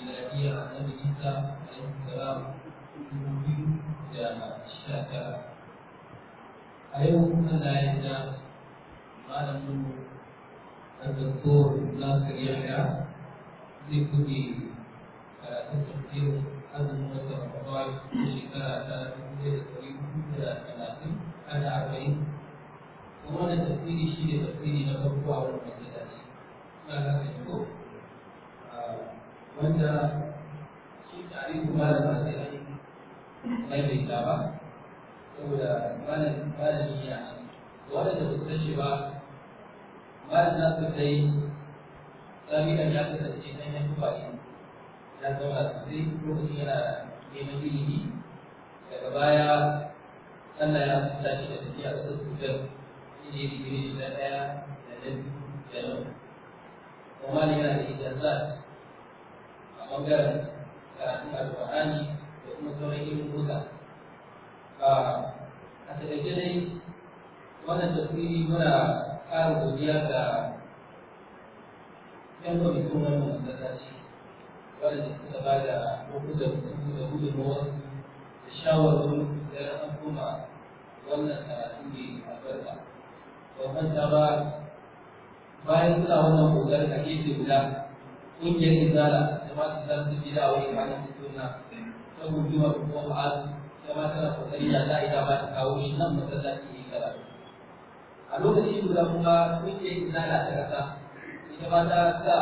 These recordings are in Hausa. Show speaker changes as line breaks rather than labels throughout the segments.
miladiyar ana isa alaihi salam dubu da sha tara a yau allah ya da malamin الدكتور ناصر يحيى zai kuɗe karatun tafsirin azumin wata ramadan na shekara ta dubu da ɗari hudu da talatin ana arba'in kuma wannan tafsiri shi ne tafsiri na farko a wannan masallaci. Ina haka ko? wanda shi tarihi malam ba sai an maimaita ba saboda malam malami ya wanda da san shi ba malam na su dai tsamiran dan ya tuba ne ya zauna sosai lokacin yana neman ilimi daga baya Allah ya fita da tafiya a wasu cutar shi digiri da yana da ɓangaren karatun alƙur'ani da kuma sauran ilimuka a taƙaice dai wannan tafsiri muna ƙara godiya ga yan kwamitin wannan masallaci waɗanda suka ba da lokutan su da gudunmawarsu da shawarwarin da an koma wannan karatun mai albarka ba manta ba bayan suna wannan ƙoƙarin a gefe guda ƙungiyar izala jama'atin da su bida wa yin hannun suna ta gudu a kuma ma'az kama tana kokari da za a yi dama ta kawo nan masallaci yi kara a lokaci guda kuma kuke yi na lati kasa ita ma ta sa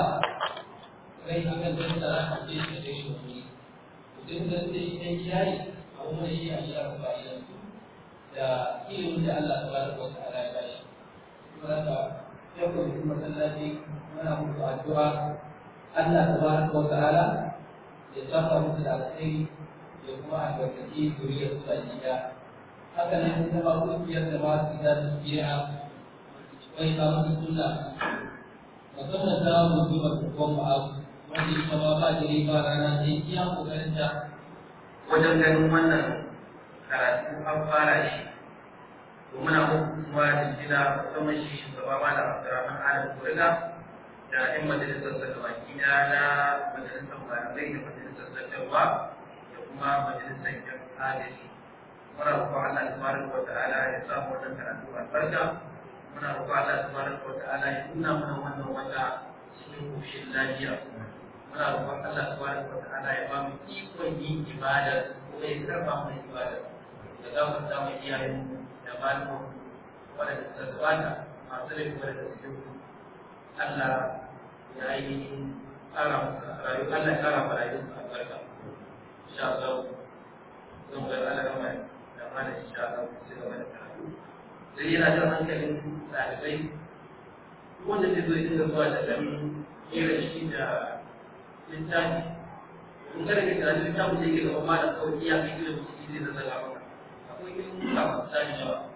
rai a kan jami'a da za a je su da shi wani mutum da su da shi ɗan kiyaye a kuma da shi a yi rafa ba yan su da ilimin da Allah ta ba da wata ala ya ba shi kuma da ta kwanci masallaci muna mutu addu'a Allah tabaraka wa ta'ala ya canza musu da alkhairi ya kuma albarkaci zuriyar su a jiya. haka nan ya zama kungiyar da ba su da tafiya wai ta musu sunna musamman ta mu ba su kuma abu Wani ita ma ba da riba rana ne iya kokarin ta wajen ganin wannan karatu an fara shi domin a kuma jina musamman shi shugaba malam Abdulrahman Adam Kurila da ‘yan majalisar sakawa gida na majalisar malamai da majalisar sakawa da kuma majalisar ‘yan adali. Muna roƙon Allah tabarak wa ta'ala ya samu wannan karatu albarka. Muna roƙon Allah tabarak wa ta'ala ya nuna mana wannan wata cikin koshin lafiya. Muna roƙon Allah tabarak wa ta'ala ya ba ikon yin ibada ko ya karɓa mana ibada. Da za mu samu iyayenmu da malamanmu waɗanda suka gabata masu da kuma da suke Allah ya yi ƙara rayu Allah ya ƙara rayu a albarka insha Allah zan ga Allah ya mai da mana insha Allah sai ga mana karatu sai yana jan hankalin ɗalibai wanda zai zo ya dinga zuwa da ɗan kera shi da littafi in kada ka karatu littafin da yake gaba ma da kawai iya kai ilimin shi zai zazzaga maka akwai ilimin kafin tsari yawa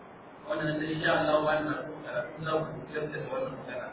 wannan da insha Allah wannan karatu za ku fitar da wannan magana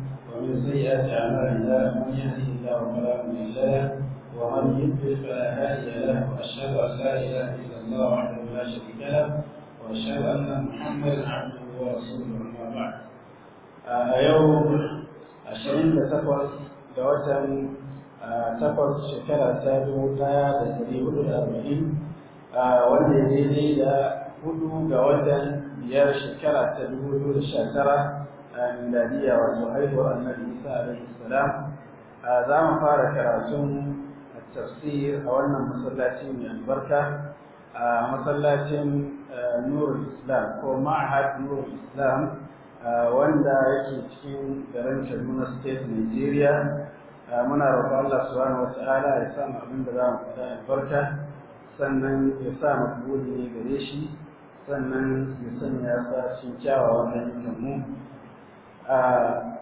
ومن سيئات أعمالنا من يهده الله فلا مضل له ومن يضلل فلا هادي له وأشهد أن لا إله إلا الله وحده لا شريك له وأشهد أن محمدا عبده ورسوله أما بعد يوم
ashirin da takwas ga watan takwas shekara ta dubu ɗaya da dari hudu da arba'in wanda ya daidai da hudu ga watan biyar shekara ta dubu biyu da sha tara
miladiyya wato haihuwar annabi Isa alaihi salam
za mu fara karatun tafsir a wannan masallaci mai albarka a masallacin Nur Islam ko Ma'had nur Islam wanda yake cikin garin Kaduna State Nigeria muna roƙon Allah subhanahu wata'ala ya sa mu da za mu albarka sannan ya sa mu gode gare shi sannan ya sanya ya sa cikin kyawawan ayyukan mu Ah,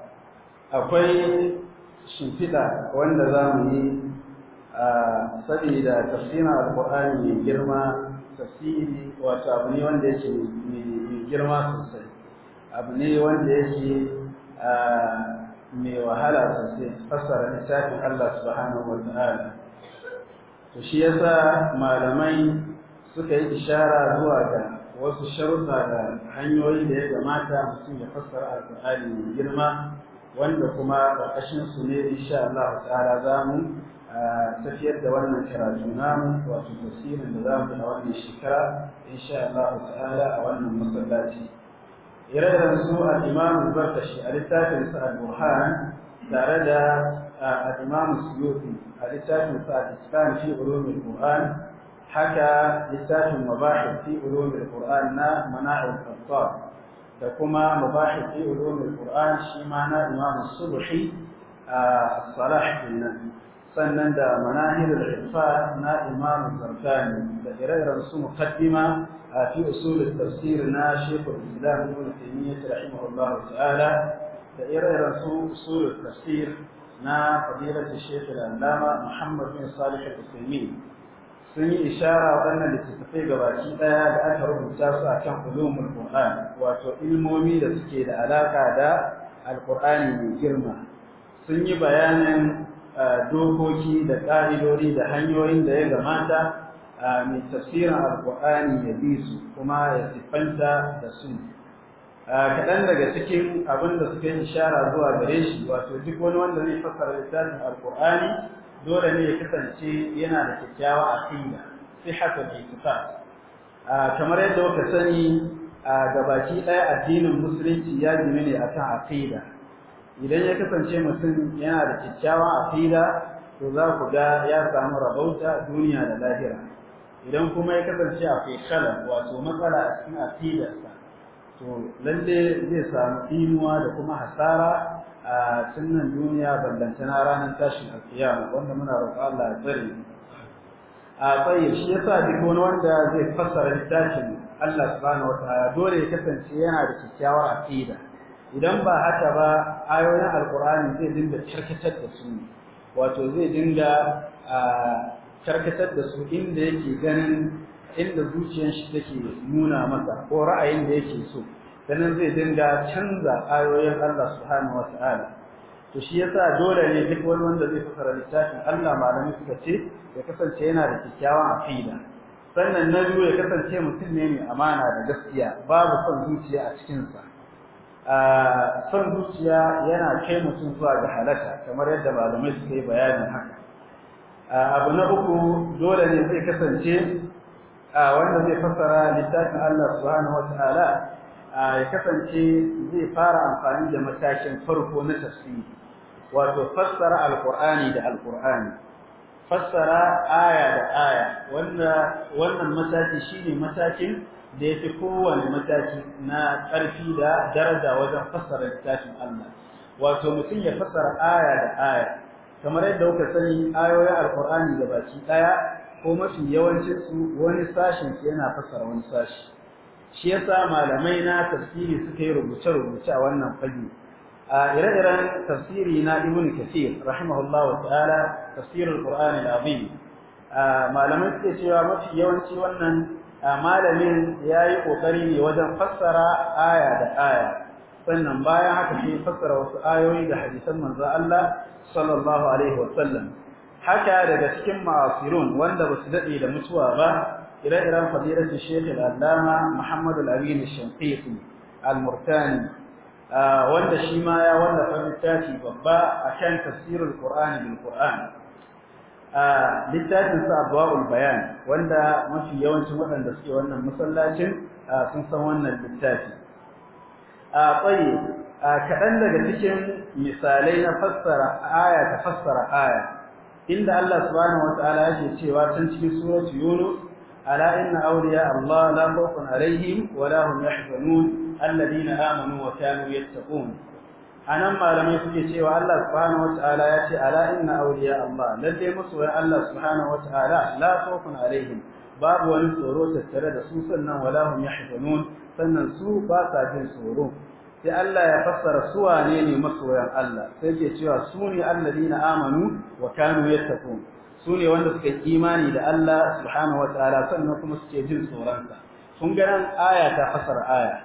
akwai shimfiɗa wanda za mu yi ah, saboda tafsirin alƙur'ani mai girma tafsiri wato abu ne wanda yake mai girma sosai abu ne wanda yake ah, mai wahala sosai fassara littafin Allah subhanahu wa ta'ala to shi yasa malamai suka yi ishara zuwa ga wasu sharuɗa da hanyoyi da ya gamata mutum ya fassara alƙur'ani mai girma wanda kuma ƙarƙashin su ne insha Allah ta'ala za mu tafiyar da wannan karatu namu wato tafsirin da za mu a wannan shekara
insha Allah ta'ala a wannan masallaci ire-iren su al-Imam Barkashi a littafin sa al-Burhan
tare da al-Imam Suyuti a littafin sa al-Islam fi ulumul Qur'an حكى لساح المباحث في علوم القرآن نا مناع الأبطال فكما مباحث في علوم القرآن شي معنى إمام الصبحي آه، الصلاح بن سنن مناهل الإبطال نا إمام الزرفاني ذكر رسول مقدمة آه، في أصول التفسير ناشق الإسلام ابن تيمية رحمه الله تعالى ذكر رسول أصول التفسير نا فضيلة الشيخ الأندامة محمد بن صالح التيمية sun yi ishara waɗannan littattafai gabaki ɗaya da aka rubuta su a kan ulumul Qur'an wato ilmomi da suke da alaka da alqur'ani mai girma sun yi bayanin dokoki da ƙa'idodi da hanyoyin da ya gamata mai tafsirin alqur'ani ya bi su kuma ya siffanta da su kaɗan daga cikin abin da suka yi ishara zuwa gare shi wato duk wani wanda zai fassara littafin alqur'ani dole ne ya kasance yana da kyakkyawa a haka sihhatul i'tiqad kamar yadda kuka sani a gabaki ɗaya addinin musulunci ya jimi ne a akan aqida idan ya kasance mutum yana da kyakkyawa a aqida to za ku ga ya samu rabauta duniya da lahira idan kuma ya kasance a kala wato matsala a cikin aqidarsa to lalle zai samu inuwa da kuma hasara a cinnan duniya ballantana ranar tashin alkiyama wanda muna roƙa Allah ya a tsaye shi yasa duk wani wanda zai fassara littafin Allah subhanahu wataala dole ya kasance yana da kyakkyawar aqida idan ba haka ba ayoyin alqur'ani zai dinga karkatar da su wato zai dinga karkatar da su inda yake ganin inda zuciyar shi take nuna masa ko ra'ayin da yake so sannan zai dinga canza ayoyin Allah subhanahu ta'ala, to shi yasa dole ne duk wani wanda zai fasara littafin Allah malamin suka ce ya kasance yana da kyakkyawan aqida sannan na biyu ya kasance mutum ne mai amana da gaskiya babu son zuciya a cikin sa son zuciya yana kai mutum zuwa ga halaka kamar yadda malamai suka yi bayanin haka abu na uku dole ne zai kasance wanda zai fassara littafin Allah subhanahu ta'ala. ya kasance zai fara amfani da matakin farko na tafsiri wato fassara alqur'ani da alqur'ani fassara aya da aya wannan mataki shine matakin da yafi kowane mataki na ƙarfi da daraja wajen fassara littafin Allah wato mutum ya fassara aya da aya kamar yadda kuka sani ayoyin alqur'ani gabaki ɗaya ko mafi yawancin su wani sashin yana fassara wani sashi shi yasa malamai na tafsiri suka yi rubuce-rubuce a wannan fage a ire-iren tafsiri na Ibn Kathir wa ta'ala tafsirul Qur'an al-Azim malamai suke cewa mafi yawanci wannan malamin yayi kokari ne wajen fassara aya da aya sannan bayan haka sai fassara wasu ayoyi da hadisan manzo Allah sallallahu alaihi sallam. haka daga cikin ma'asirun wanda basu dade da mutuwa ba ire-iren fadilar Sheikh allama Muhammadu Al-Amin Al-Shamqiti murtani ah, wanda shi ma ya wallafa littafi babba a kan tafsirul Qur'ani bil Qur'an ah, littafin sa Abwaul Bayan wanda mafi yawancin waɗanda suke wannan masallacin ah, sun san wannan littafi a tsaye kaɗan daga cikin misalai na fassara aya ta fassara aya inda Allah subhanahu ya yake cewa tun cikin suratu Yunus ألا إن أولياء الله لا خوف عليهم ولا هم يحزنون الذين آمنوا وكانوا يتقون anan malamai suke cewa Allah subhanahu wataala ya ce ala inna awliya Allah lalle masoya Allah subhanahu wataala la khawfun alaihim babu wani tsoro tattare da su sannan wala hum yahzanun sannan su ba sa tsoro sai Allah ya fassara su wane ne masoyan Allah sai ke cewa su ne alladina amanu wa kanu yattaqun sune wanda suka imani da Allah subhanahu wataala sannan kuma suke jin tsoronsa kun ga nan aya ta fasara aya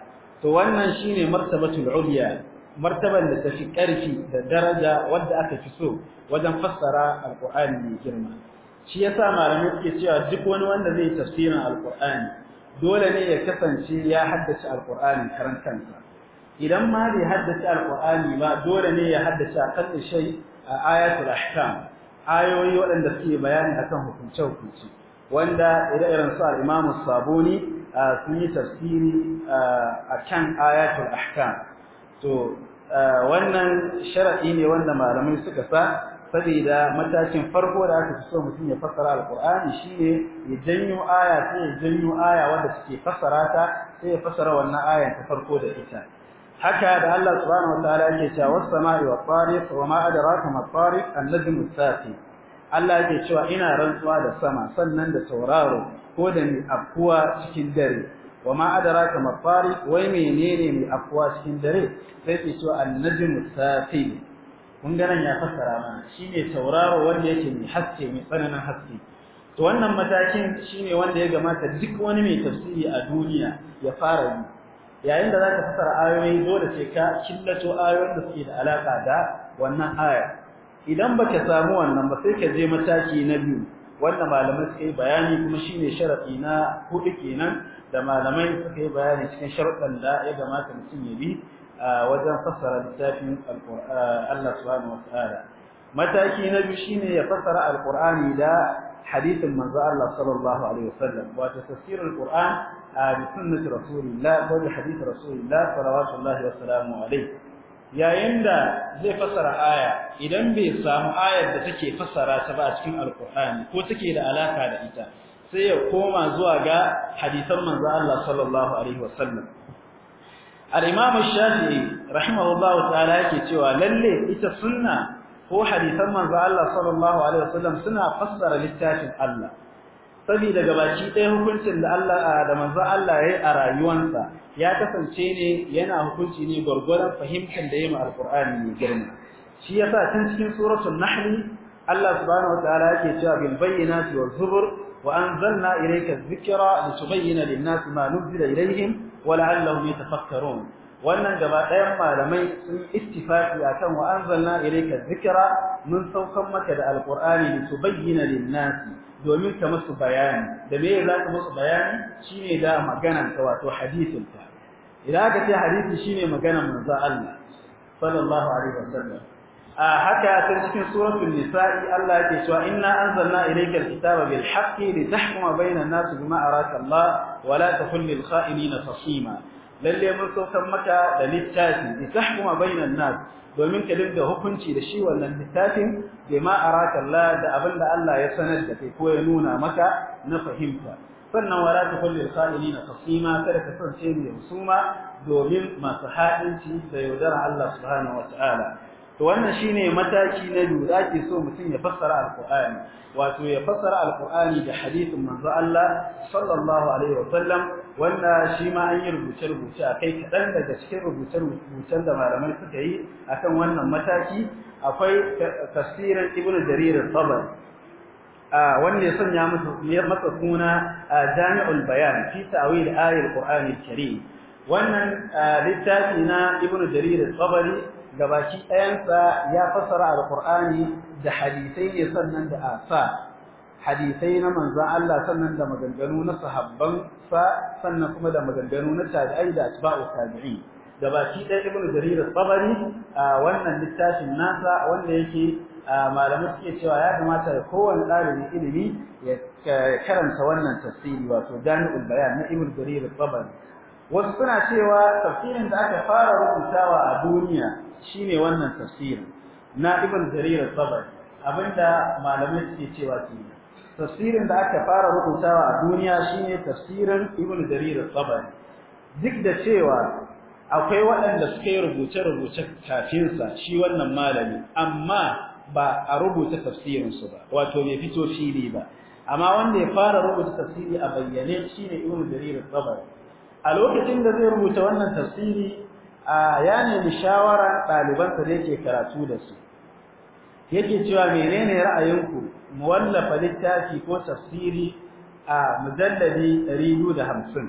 to wannan shine martabatul ulya martaban da tafi ƙarfi da daraja wanda aka fi so wajen fassara alqur'ani mai girma shi yasa malamai suke cewa duk wani wanda zai tafsirin alqur'ani dole ne ya kasance ya haddace alqur'ani karan kansa idan ma bai haddace alqur'ani ba dole ne ya haddace akan shay a ayatul ahkam ayoyi waɗanda suke bayani akan hukunce hukunci wanda ire irin su alimamu saboni Sabuni sun yi tafsiri a kan ayatul ahkam to wannan shara'i ne wanda malamai suka sa saboda matakin farko da aka fi so mutum ya fassara shi ne ya janyo aya sai ya janyo aya wanda suke fassara ta sai ya fasara, wannan ayan ta farko da ita haka da Allah subhanahu wataala yake cewa was-sama'i wa tariq wa ma adraka ma tariq annajmu saqi Allah yake cewa ina rantsuwa da sama sannan da tauraro ko da mi afkuwa cikin dare wa ma adraka ma tariq wai menene mi afkuwa cikin dare sai ce cewa annajmu najmu saqi kun ga nan ya fassara mana shine tauraro wanda yake mai haske mai tsananin haske to wannan matakin shine wanda ya gamata duk wani mai tafsiri a duniya ya fara yi yayin da zaka fassara ayoyi dole sai ka killato ayoyin da suke da alaka da wannan aya idan baka samu wannan ba sai ka je mataki na biyu wanda malamai suka yi bayani kuma shine sharafi na hudu kenan da malamai suka yi bayani cikin sharuɗan da ya gamata mutum ya bi wajen fassara littafin Allah subhanahu wataala mataki na biyu shine ya fassara alqur'ani da hadisin manzo Allah sallallahu alaihi wasallam wato tafsirul Qur'an bi sunnati Rasulillah ko bi hadith Rasulillah sallallahu alaihi wasallam alaihi yayin da zai fassara aya idan bai samu ayar da take fassara ta ba a cikin alqur'ani ko take da alaka da ita sai ya koma zuwa ga hadisan manzo Allah sallallahu alaihi wasallam al-imam shafi'i rahimahullahu ta'ala yake cewa lalle ita sunna ko hadisan manzo Allah sallallahu alaihi wasallam suna fassara littafin Allah saboda gabaci ɗaya hukuncin da Allah da manzo Allah yayi a rayuwarsa ya kasance ne yana hukunci ne gurgurdan fahimtar da yayi alqur'ani mai girma shi yasa tun cikin suratul nahl Allah subhanahu wataala yake cewa bil bayyinati waz zubur wa anzalna ilayka adh-dhikra litubayyana lin-nasi ma nuzila ilayhim wa la'allahum yatafakkarun wannan gaba ɗayan malamai sun ittifaqi akan wa anzalna ilayka dhikra mun saukan maka da alqur'ani litubayyana lin-nasi domin ka musu bayani da me za ka musu bayani shine da magana, ka wato hadisin ka idan ka ce hadisi shine maganan manzo Allah sallallahu alaihi wasallam a haka ta cikin suratul nisa'i Allah yake cewa inna anzalna ilayka alkitaba bil haqqi litahkuma bayna an-nasi bima araka Allah wa la takun lil kha'inina lalle mun saukar maka da littafi itahkuma bainan nas domin ka dinga hukunci da shi wannan littafin bima araka Allah da abinda Allah ya sanar da kai ko ya nuna maka na fahimta sannan wala tukulli qailina tasima kada ka sance mai musuma domin masu hadinci da yaudara Allah subhanahu wataala to wannan shine mataki na biyu da ake so mutum ya fassara alqur'ani wato ya fassara alqur'ani da hadisin manzo Allah sallallahu alaihi wanda shi ma an yi rubuce-rubuce a kai kaɗan daga cikin rubuce-rubucen da malamai suka yi a kan wannan mataki akwai tafsirin ibn jarir al-tabari wanda ya sanya masa suna jami'ul bayan fi ta'wil ayil qur'ani karim wannan littafi na ibn jaririr tsabar tabari baki ɗayansa ya fassara al-qur'ani da hadisai ne sannan da asa hadisai na manzon Allah sannan da maganganu na sahabban fa sannan kuma da maganganu na tabii da asba'u tabi'i da baki ɗaya ibnu jarir al-tabari a wannan littafin nasa wanda yake malamai suke cewa ya kamata kowane ɗalibin ilimi ya karanta wannan tafsiri wato jami'ul bayan na ibnu jarir al-tabari wasu suna cewa tafsirin da aka fara rubutawa a duniya shine wannan tafsirin na ibnu jarir al-tabari abinda malamai suke cewa kenan tafsirin da aka fara rubutawa a duniya shine tafsirin Ibn Jarir al-Tabari duk da cewa akwai waɗanda suka yi rubuce-rubuce kafin sa shi wannan malami amma ba a rubuta tafsirin su ba wato bai fito fili ba amma wanda ya fara rubuta tafsiri a bayyane shine Ibn Jarir al-Tabari a lokacin da zai rubuta wannan tafsiri a ya nemi shawarar ɗalibansa da yake karatu da su yake cewa menene ra'ayinku mu wallafa littafi ko tafsiri a mujalladi 250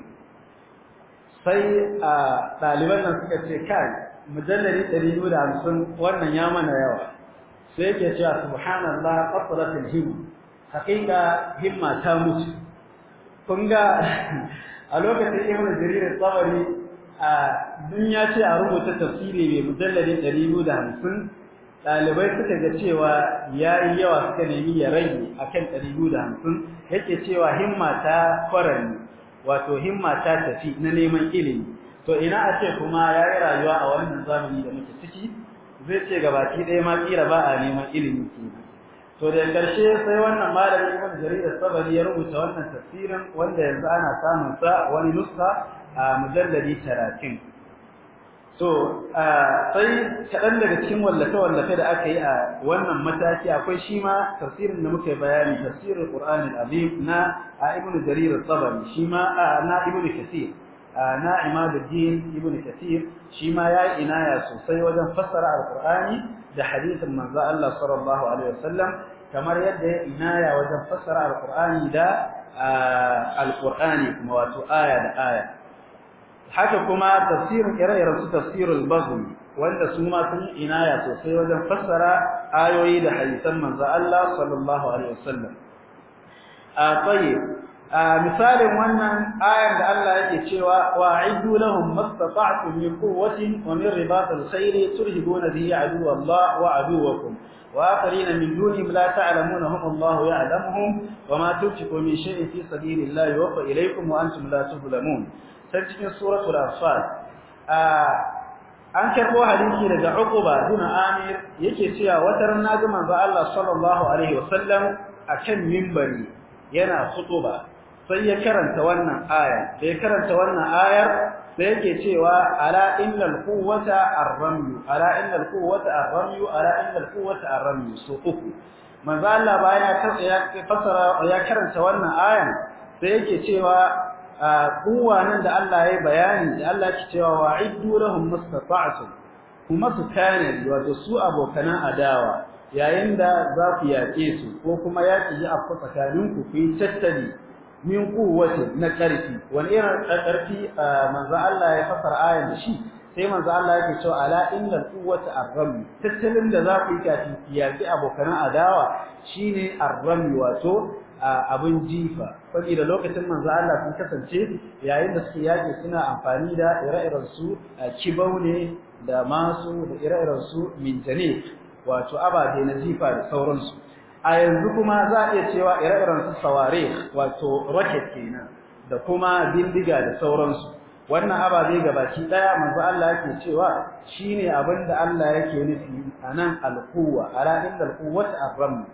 sai a ɗaliban nan suka ce kai mujalladi 250 wannan ya mana yawa sai yake cewa subhanallah qasratul himma haƙiƙa himma ta mutu kun ga a lokacin ibnu jarir al-tabari a dunya ya ce a rubuta tafsiri mai mujalladi 250 ɗalibai suka ga cewa ya yi yawa suka nemi ya rage a kan ɗari biyu da hamsin yake cewa himma ta farani wato himma ta tafi na neman ilimi to ina a ce kuma ya yi rayuwa a wannan zamani da muke ciki zai ce gabaki ɗaya ma tsira ba a neman ilimi ke to da ƙarshe sai wannan malamin Ibn jaridar sabari ya rubuta wannan tafsirin wanda yanzu ana samun sa wani nuska a mujalladi tarakin. to sai kaɗan daga cikin wallafe-wallafe da aka yi a wannan mataki akwai shi ma tafsirin da muka bayani tafsirin ƙur'anin azim na a ibn jarir sabari shi ma na ibn kasir na imaduddin ibn kasir shi ma ya inaya sosai wajen fassara Al-Ƙur'ani da hadisin manzo Allah sallallahu alaihi wasallam kamar yadda ya inaya wajen fassara Al-Ƙur'ani da Al-Ƙur'ani kuma wato aya da aya haka kuma tafsirin ire-iren su tafsirul bazm wanda su ma sun inaya sosai wajen fassara ayoyi da hadisan manzo Allah sallallahu alaihi wasallam a tayyib a misalin wannan ayar da Allah yake cewa wa'idu lahum mastata'tum min quwwatin wa min ribatil khayri turhibuna bihi Allah wa aduwakum وآخرين من دونهم لا تعلمونهم الله يعلمهم وما تنفقوا من شيء في سبيل الله يوفى إليكم وأنتم لا تظلمون sai cikin suratul anfal an karbo hadisi daga uquba bin Amir yake cewa watar naji manzo Allah sallallahu alaihi wasallam kan minbari yana khutuba sai ya karanta wannan aya sai karanta wannan ayar sai yake cewa ala innal quwwata ar-ramyu ala innal quwwata ar-ramyu ala innal quwwata ar-ramyu so uku manzo Allah bayan ya fassara ya karanta wannan ayan sai yake cewa a nan da Allah ya yi bayani da Allah ya cewa wa'iddu lahum mastata'tum kuma su tane wato su abokan adawa yayin da za ku yaƙe su ko kuma yaƙi ji afku tsakaninku ku yi tattali min kuwwati na ƙarfi wani irin ƙarfi manzo Allah ya fasara ayan da shi sai manzo Allah yake cewa ala innal quwwata ar-ramy tattalin da za ku yi kafin yaƙi abokan adawa shine ar-ramy wato abin jifa saboda lokacin manzo Allah sun kasance yayin da suke yake suna amfani da ire-iren su da masu da ire su minjane wato ababe na jifa da sauransu a yanzu kuma za a iya cewa ire su saware wato rocket kenan da kuma bindiga da sauransu wannan ababe gabaki daya manzo Allah yake cewa shine abinda Allah yake nufi anan alquwa ala inda alquwwata arram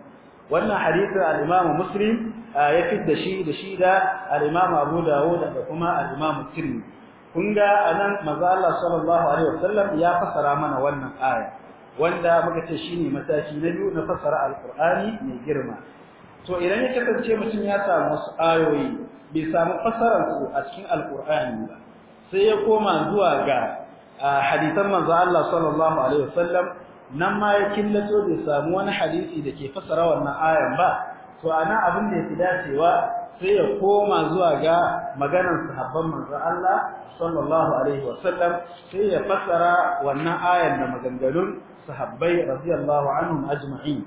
wannan hadisi al-Imam Muslim ah, ya fidda shi da shi da al-Imam Abu Dawud da kuma al-Imam Tirmidhi kun ga anan manzo Allah sallallahu alaihi wasallam ya fasara mana wannan aya wanda muka ce shine mataki na biyu na fasara al-Qur'ani mai girma to idan ya kasance mutum ya samu wasu ayoyi bai samu fasaran su a cikin al-Qur'ani ba sai ya koma zuwa ga ah, hadisan manzo Allah sallallahu alaihi wasallam nan ma ya killato da samu wani hadisi da ke fasara wannan ayan ba to ana abin da yake dacewa sai ya koma zuwa ga maganar sahabban manzon Allah sallallahu alaihi wasallam sai ya fasara wannan ayan da maganganun sahabbai radiyallahu anhum ajma'in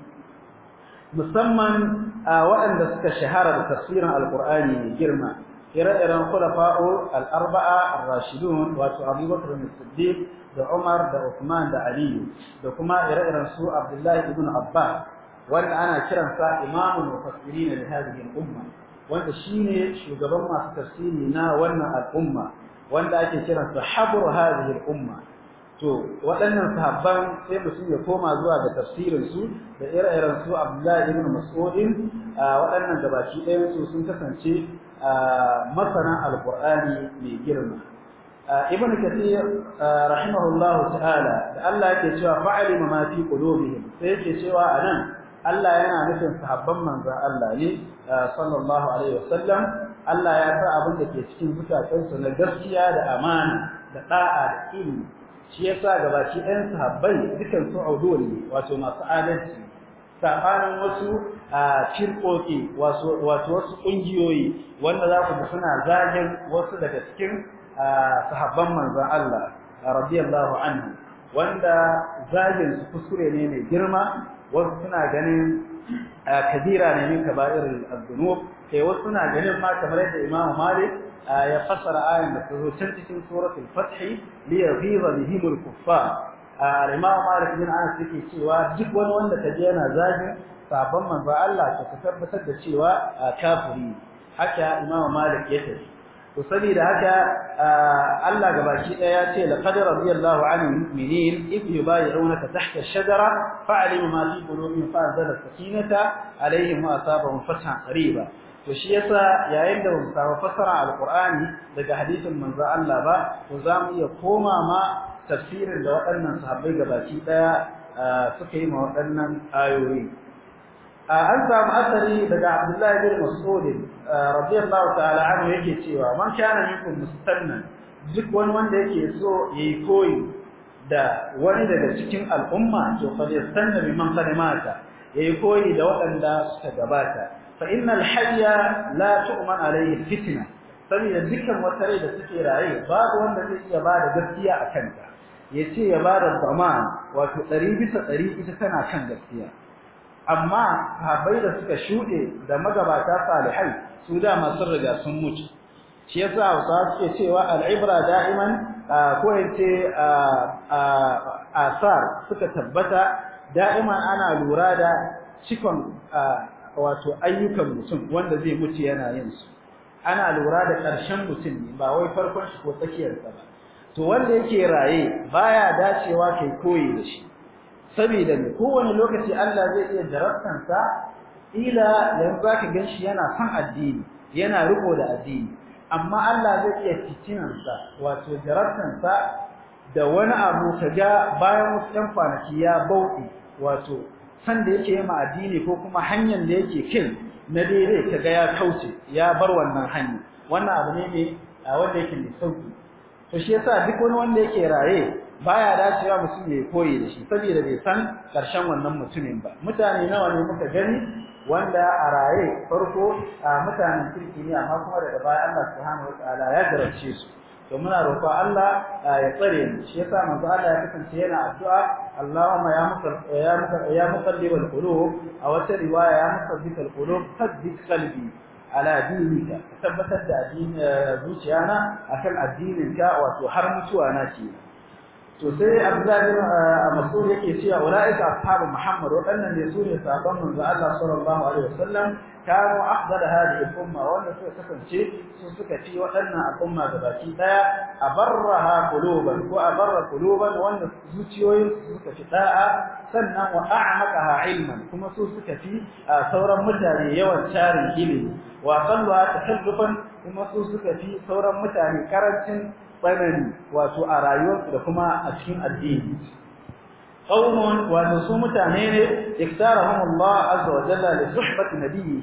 musamman waɗanda suka shahara da tafsirin alqur'ani mai girma ire-iren khulafa'u al-arba'a ar-rashidun wato Abu Bakr as-Siddiq da Umar da Uthman da Ali da kuma ire-iren su Abdullahi ibn Abbas wanda ana kiransa imamul mufassirin li hadhihi al-umma wanda shine shugaban masu tafsiri na wannan al'umma wanda ake kiransa habru hadhihi al-umma to waɗannan sahabban sai mutum ya koma zuwa ga tafsirin su da ire-iren su Abdullahi ibn Mas'ud waɗannan gabaki ɗayan su sun kasance masana alqur'ani mai girma ibn kathir rahimahullahu ta'ala da Allah yake cewa fa'ali ma fi qulubihim sai yake cewa anan Allah yana nufin sahabban manza Allah ne sallallahu alaihi wasallam Allah ya sa abin da ke cikin zukatansu na gaskiya da amana da da'a da ilimi shi yasa gabaci ɗayan sahabbai dukan su audul ne wato masu adalci sabanin wasu firkoki wato wasu kungiyoyi wanda za ku suna zagin wasu daga cikin sahabban manzon Allah radiyallahu anhu wanda zagin su kuskure ne mai girma wasu suna ganin kabira ne min kaba'irul adunub wasu suna ganin ma kamar da Imam Malik ya fassara ayan da su can cikin suratul Fath li yaghiza bihim al-kuffar Imam Malik bin Anas yake cewa duk wani wanda kaje yana zagin sabon manzo Allah ka tabbatar da cewa kafiri haka Imam Malik ya tafi to saboda haka ah, Allah gabaki daya ya ce laqad radiyallahu 'anil mu'minin id yubay'unaka tahta ash-shajara fa'alima ma fi qulubihim fa'anzala as-sakinata 'alayhim wa asabahum fathan qariba to shi yasa yayin da mun samu fasara alqur'ani daga hadisin manzo Allah ba ku zamu iya koma ma tafsirin da waɗannan sahabbai gabaki daya ah, suka yi ma waɗannan ayoyi ah, an samu asari daga Abdullah ibn Mas'ud radiyallahu ta'ala anhu yake cewa man kana minkum mustanna duk wani wanda yake so yayi koyi da wani daga cikin al'umma to fa yastanna man qadimata yayi koyi da waɗanda suka gabata fa innal hayya la tu'man alayhi fitna saboda dukkan wata rai da suke raye babu wanda zai iya bada gaskiya a kanta yace ya bada zaman wato ɗari bisa ɗari ita tana kan gaskiya amma sahabbai da suka shuɗe da magabata salihai su da masu riga sun mutu shi yasa hausa suke cewa al'ibra da'iman ko yace asar suka tabbata da'iman ana lura da cikon wato ayyukan mutum wanda zai mutu yana yin su ana lura da ƙarshen mutum ne ba wai farkon shi ko tsakiyar sa ba to wanda yake raye baya dacewa kai koyi da shi saboda kowane lokaci Allah zai iya jarabtansa Ila yanzu zaka ganshi yana son addini yana riko da addini amma Allah zai iya fitinansa wato sa da wani abu kaga bayan wasu ɗan kwanaki ya bauɗi wato san da yake ma addini ko kuma hanyar da yake kin na daidai kaga ya kauce ya bar wannan hanya wannan abu ne ne a wanda yake mai sauki to shi yasa duk wani wanda yake raye baya dacewa mutum ya koyi da shi saboda bai san karshen wannan mutumin ba mutane nawa ne muka gani wanda a raye farko a mutanen kirki ne amma kuma daga baya Allah subhanahu wataala ya garace su to muna roƙon Allah ya tsare mu shi yasa manzo Allah ya kasance yana addu'a Allahumma ya musal ya musal ya musallibal qulub a wata riwaya ya musabbikal qulub sabbit qalbi ala dinika tabbatar da addini eh, zuciyana akan addininka wato har mutuwa na ce Sosai sai a eh, Mas'ud yake cewa ulaika ashabu Muhammad waɗannan ne sune sahabban manzo Allah sallallahu alaihi wasallam kanu afdal hadhihi umma wanda suka kasance su suka ci waɗannan al'umma gabaki daya abarraha quluban ko barra quluban wanda zuciyoyin suka ci da'a sannan wa a'maqaha ilman kuma su suka ci eh, sauran mutane yawan tarin ilimi wa sallu tahallufan kuma su suka fi sauran mutane karancin tsanani wato a rayuwarsu da kuma a cikin addini
qaumun wato su mutane ne iktarahum Allah azza wa jalla
li suhbati nabiyhi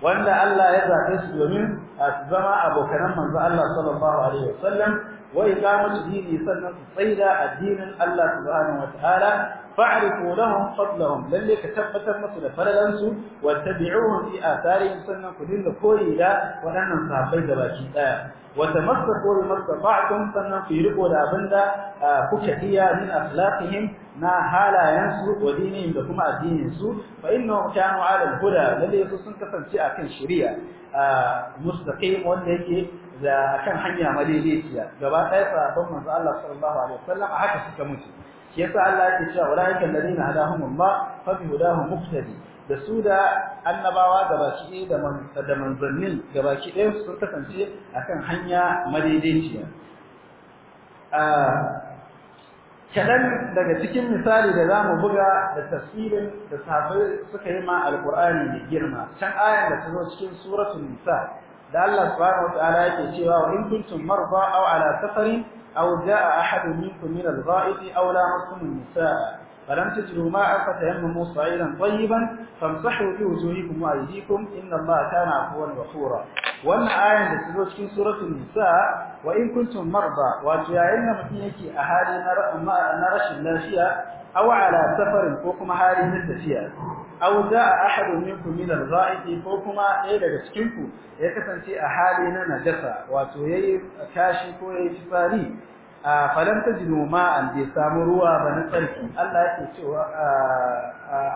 wanda Allah ya zabe su domin su zama abokan manzo Allah sallallahu alaihi wasallam wa iqamatu dini sannan su tsaida addinin Allah subhanahu wa ta'ala fa'rifu lahum fadlahum lalle ka tabbatar musu da falalansu wa tabi'uhum fi atharihim sannan ku dinga koyi da waɗannan sahabbai da baki daya wa tamassaku bi mastata'tum sannan ku riko da abinda kuka iya min akhlaqihim na halayensu wa dinihim da kuma addinin su fa innahum kanu ala al-huda lalle su sun kasance akan shari'a mustaqim wanda yake da kan hanya madaidaiciya gaba ɗaya sahabban manzo Allah sallallahu alaihi wasallam haka suka mutu shi yasa Allah yake cewa ulaika alladhina hadahumullah fa bi hudahum muqtadi da su da annabawa gabaki ɗaya da manzannin gabaki ɗaya sun kasance akan hanya madaidaiciya kaɗan daga cikin misali da za mu buga da tasirin da safe suka yi ma alƙur'ani da girma can ayan da ta zo cikin suratul nisa da Allah subhanahu wa ta'ala yake cewa wa in kuntum marda aw ala safarin أو جاء أحد منكم من الغائط أو لامستم النساء فلم تجدوا ماء فتيمموا صعيدا طيبا فامسحوا بوجوهكم وايديكم ان الله كان عفوا غفورا wannan ayan da tazo cikin suratul nisa wa in kuntum marda wa yayin da mutum yake a hali na rashin lafiya aw ala safarin ko kuma hali na tafiya aw jaa ahadun minkum min al-ra'iqi ko kuma ɗaya daga cikin ku ya kasance a hali na najasa wato yayi kashi ko yayi fitsari falan tajidu ma'an bai samu ruwa ba na tsarki Allah yake cewa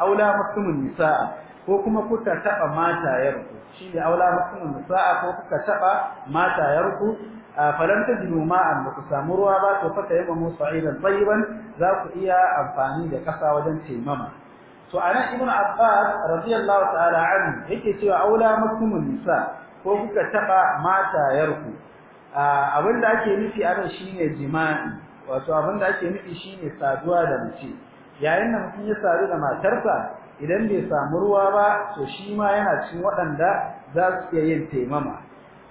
aula muslimun nisaa ko kuma kuka taba mata yarku ne aula muslimun nisaa ko kuka taba mata yarku falan tajidu ma'an ba ku samu ruwa ba to fa kayyama sa'idan tayyiban za ku iya amfani da kasa wajen taimama to ana ibnu abbas radiyallahu ta'ala anhu yake cewa aula muslimun nisaa ko kuka taba mata yarku abin da ake nufi a nan shine jima'i wato abin da ake nufi shine saduwa da mace yayin da mutum ya sadu da matarsa idan bai samu ruwa ba to shi ma yana cikin waɗanda za su iya yin taimama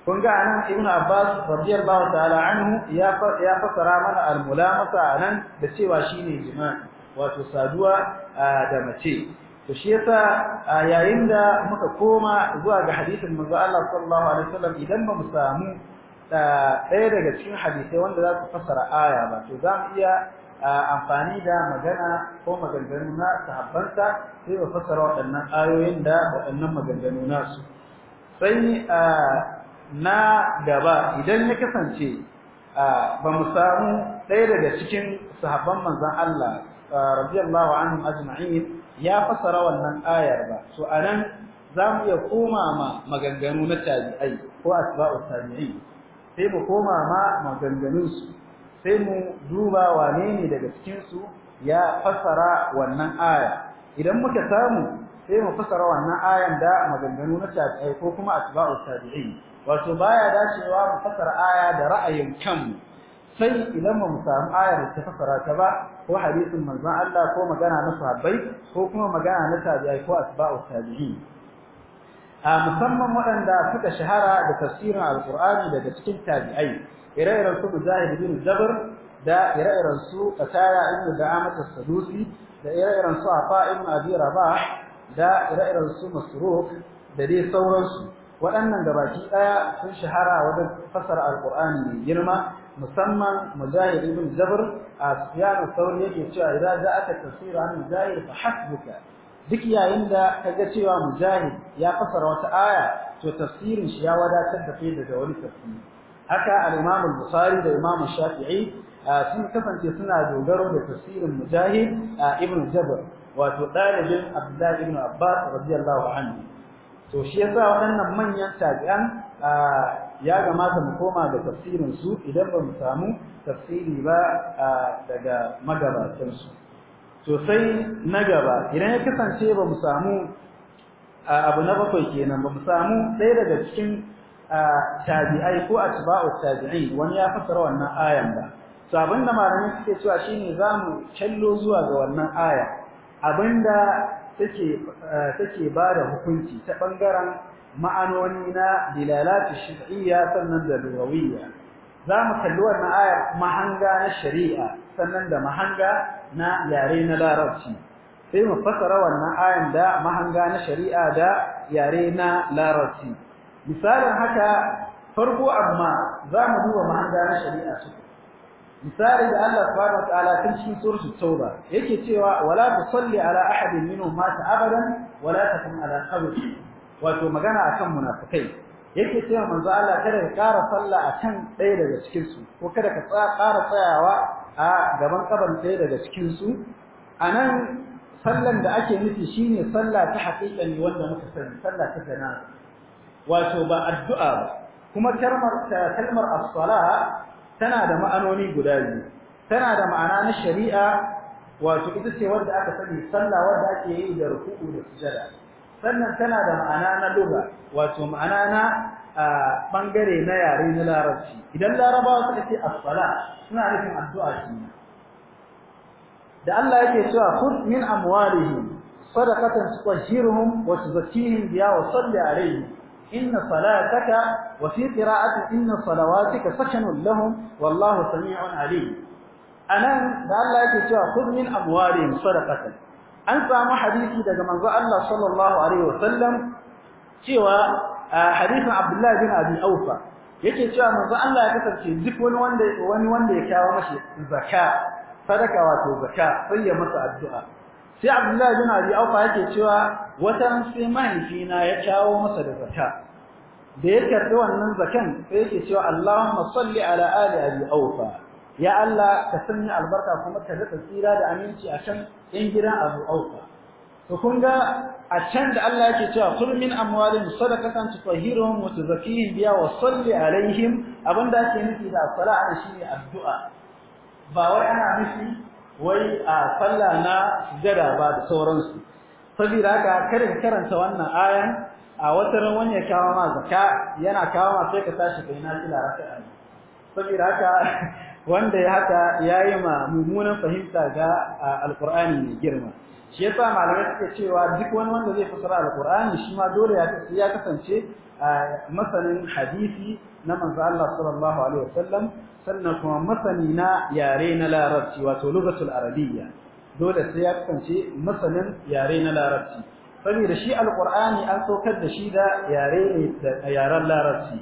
kun ga nan ibnu abbas radiyallahu ta'ala anhu ya ya fasara mana almulamasa a anan da cewa shine jima'i wato saduwa da mace to shi yasa yayin da muka koma zuwa ga hadisin manzo Allah sallallahu alaihi wasallam idan ba mu samu ɗaya daga cikin hadisai wanda za su fasara aya ba to za mu iya amfani da magana ko maganganu na sahabbansa sai ba fassara waɗannan ayoyin da waɗannan maganganu nasu sai na gaba idan ya kasance ba mu samu ɗaya daga cikin sahabban manzan Allah radiyallahu anhum ajma'in ya fasara wannan ayar ba so anan za mu iya koma ma maganganu na tabi'ai ko asba'u tabi'in sai mu koma ma maganganunsu sai mu duba wane ne daga su ya fasara wannan aya idan muka samu sai mu fasara wannan ayan da maganganu na tabi'i ko kuma atba'u tabi'i wato baya dacewa mu fasara aya da ra'ayin kanmu sai idan mu samu ayar da ta fassara ta ba ko hadisin manzon Allah ko magana na sahabbai ko kuma magana na tabi'i ko asba'u tabi'i a musamman waɗanda suka shahara da tafsirin alqur'ani daga cikin tabi'ai ire-iren su mujahid bin jabr da ire-iren su qatara ibn da'amat as-sadusi da ire-iren su afa ibn abi rabah da ire-iren su masruq da dai sauransu waɗannan gabaki ɗaya sun shahara wajen fasara alqur'ani mai girma musamman mujahid ibn jabr a sufyan sauri yake cewa idan za ka tafsira an zahir fa hasbuka duk yayin da kaga cewa mujahid ya fasara wata aya to tafsirin shi ya wadatar da kai daga wani tafsiri haka al-Imam al-Bukhari da Imam Shafi'i sun kasance suna dogaro da tafsirin mujahid ibn Jabr wato dalibin Abdullah ibn Abbas radiyallahu anhu to shi yasa waɗannan manyan tabi'an ya gamata mu koma da tafsirin su idan ba mu samu tafsiri ba daga magabatan su Sosai na gaba idan ya kasance ba mu samu abu na bakwai kenan ba mu samu ɗaya daga cikin tabi'ai ko a tuba'u tabi'ai, wani ya fassara wannan ayan ba to da malamai suke cewa shine mu kyallo zuwa ga wannan aya abinda take ba da hukunci ta ɓangaren ma'anoni na dilalati shar'iyya sannan da Za mu kalli wannan ayar mahanga na shari'a sannan da mahanga na yare na larabci sai mu fasara wannan ayan da mahanga na shari'a da yare na larabci misalin haka farko amma za mu duba mahanga na shari'a su misali da Allah subhanahu wataala tun cikin suratul tauba yake cewa wala tusalli ala ahadin minhum mata abadan wala takum ala qabri wato magana akan munafikai yake cewa manzo Allah kada ka ƙara sallah can ɗaya daga cikin su ko kada ka ƙara tsayawa a gaban kabar ɗaya daga cikin su anan sallan da ake nufi shine sallah ta haƙiƙa ne wanda muka sani salla ta jana'a wato ba addu'a ba kuma kalmar kalmar as tana da ma'anoni guda biyu tana da ma'ana na shari'a wato ita ce wanda aka sani salla wanda ake yi da ruku'u da sujada sannan tana da ma'ana na lugha wato ma'ana na a bangare na yare na larabci idan larabawa suka ce as-sala suna nufin addu'a shi da Allah yake cewa khudh min amwalihim sadaqatan tutahhiruhum wa tuzakkihim biha wa salli alayhim inna salataka wa fi qira'atin inna salawatika sakanun lahum wallahu samii'un alim anan da Allah yake cewa khudh min amwalihim sadaqatan an samu hadisi daga manzo Allah sallallahu alaihi Sallam cewa hadisin Abdullahi bin Abi Aufa yake cewa manzo Allah ya kasance duk wani wanda wani wanda ya kawo mashi zakka sadaka wato zakka sai ya masa addu'a sai Abdullahi bin Abi Aufa yake cewa wata sai mahaifina ya kawo masa da zakka da ya karbi wannan zakan sai yake cewa Allahumma salli ala ali Abi Aufa ya Allah ka sanya albarka kuma ka rika tsira da aminci akan yan gidan Abu Aufa to kun ga a can da Allah yake cewa kulmin min amwalihim sadaqatan tutahhiruhum wa tuzakkihim biha wa salli alaihim abinda ake nufi da as-sala'a shine addu'a
ba wai ana nufi
wai a sallah na sujada ba da sauransu saboda haka karin karanta wannan ayan a wata ran wani ya kawo ma zakka yana kawo ma sai ka tashi kai na kila raka'a saboda haka wanda ya haka yayi ma mummunan fahimta ga alqur'ani mai girma shi yasa malamai suke cewa duk wani wanda zai fasara alqur'ani shi ma dole ya kasance masanin hadisi na manzo Allah sallallahu alaihi wasallam sannan kuma masani na yare na larabci wato lughatul arabiyya dole sai ya kasance masanin yare na larabci saboda shi alqur'ani an saukar da shi da yare ne yaren larabci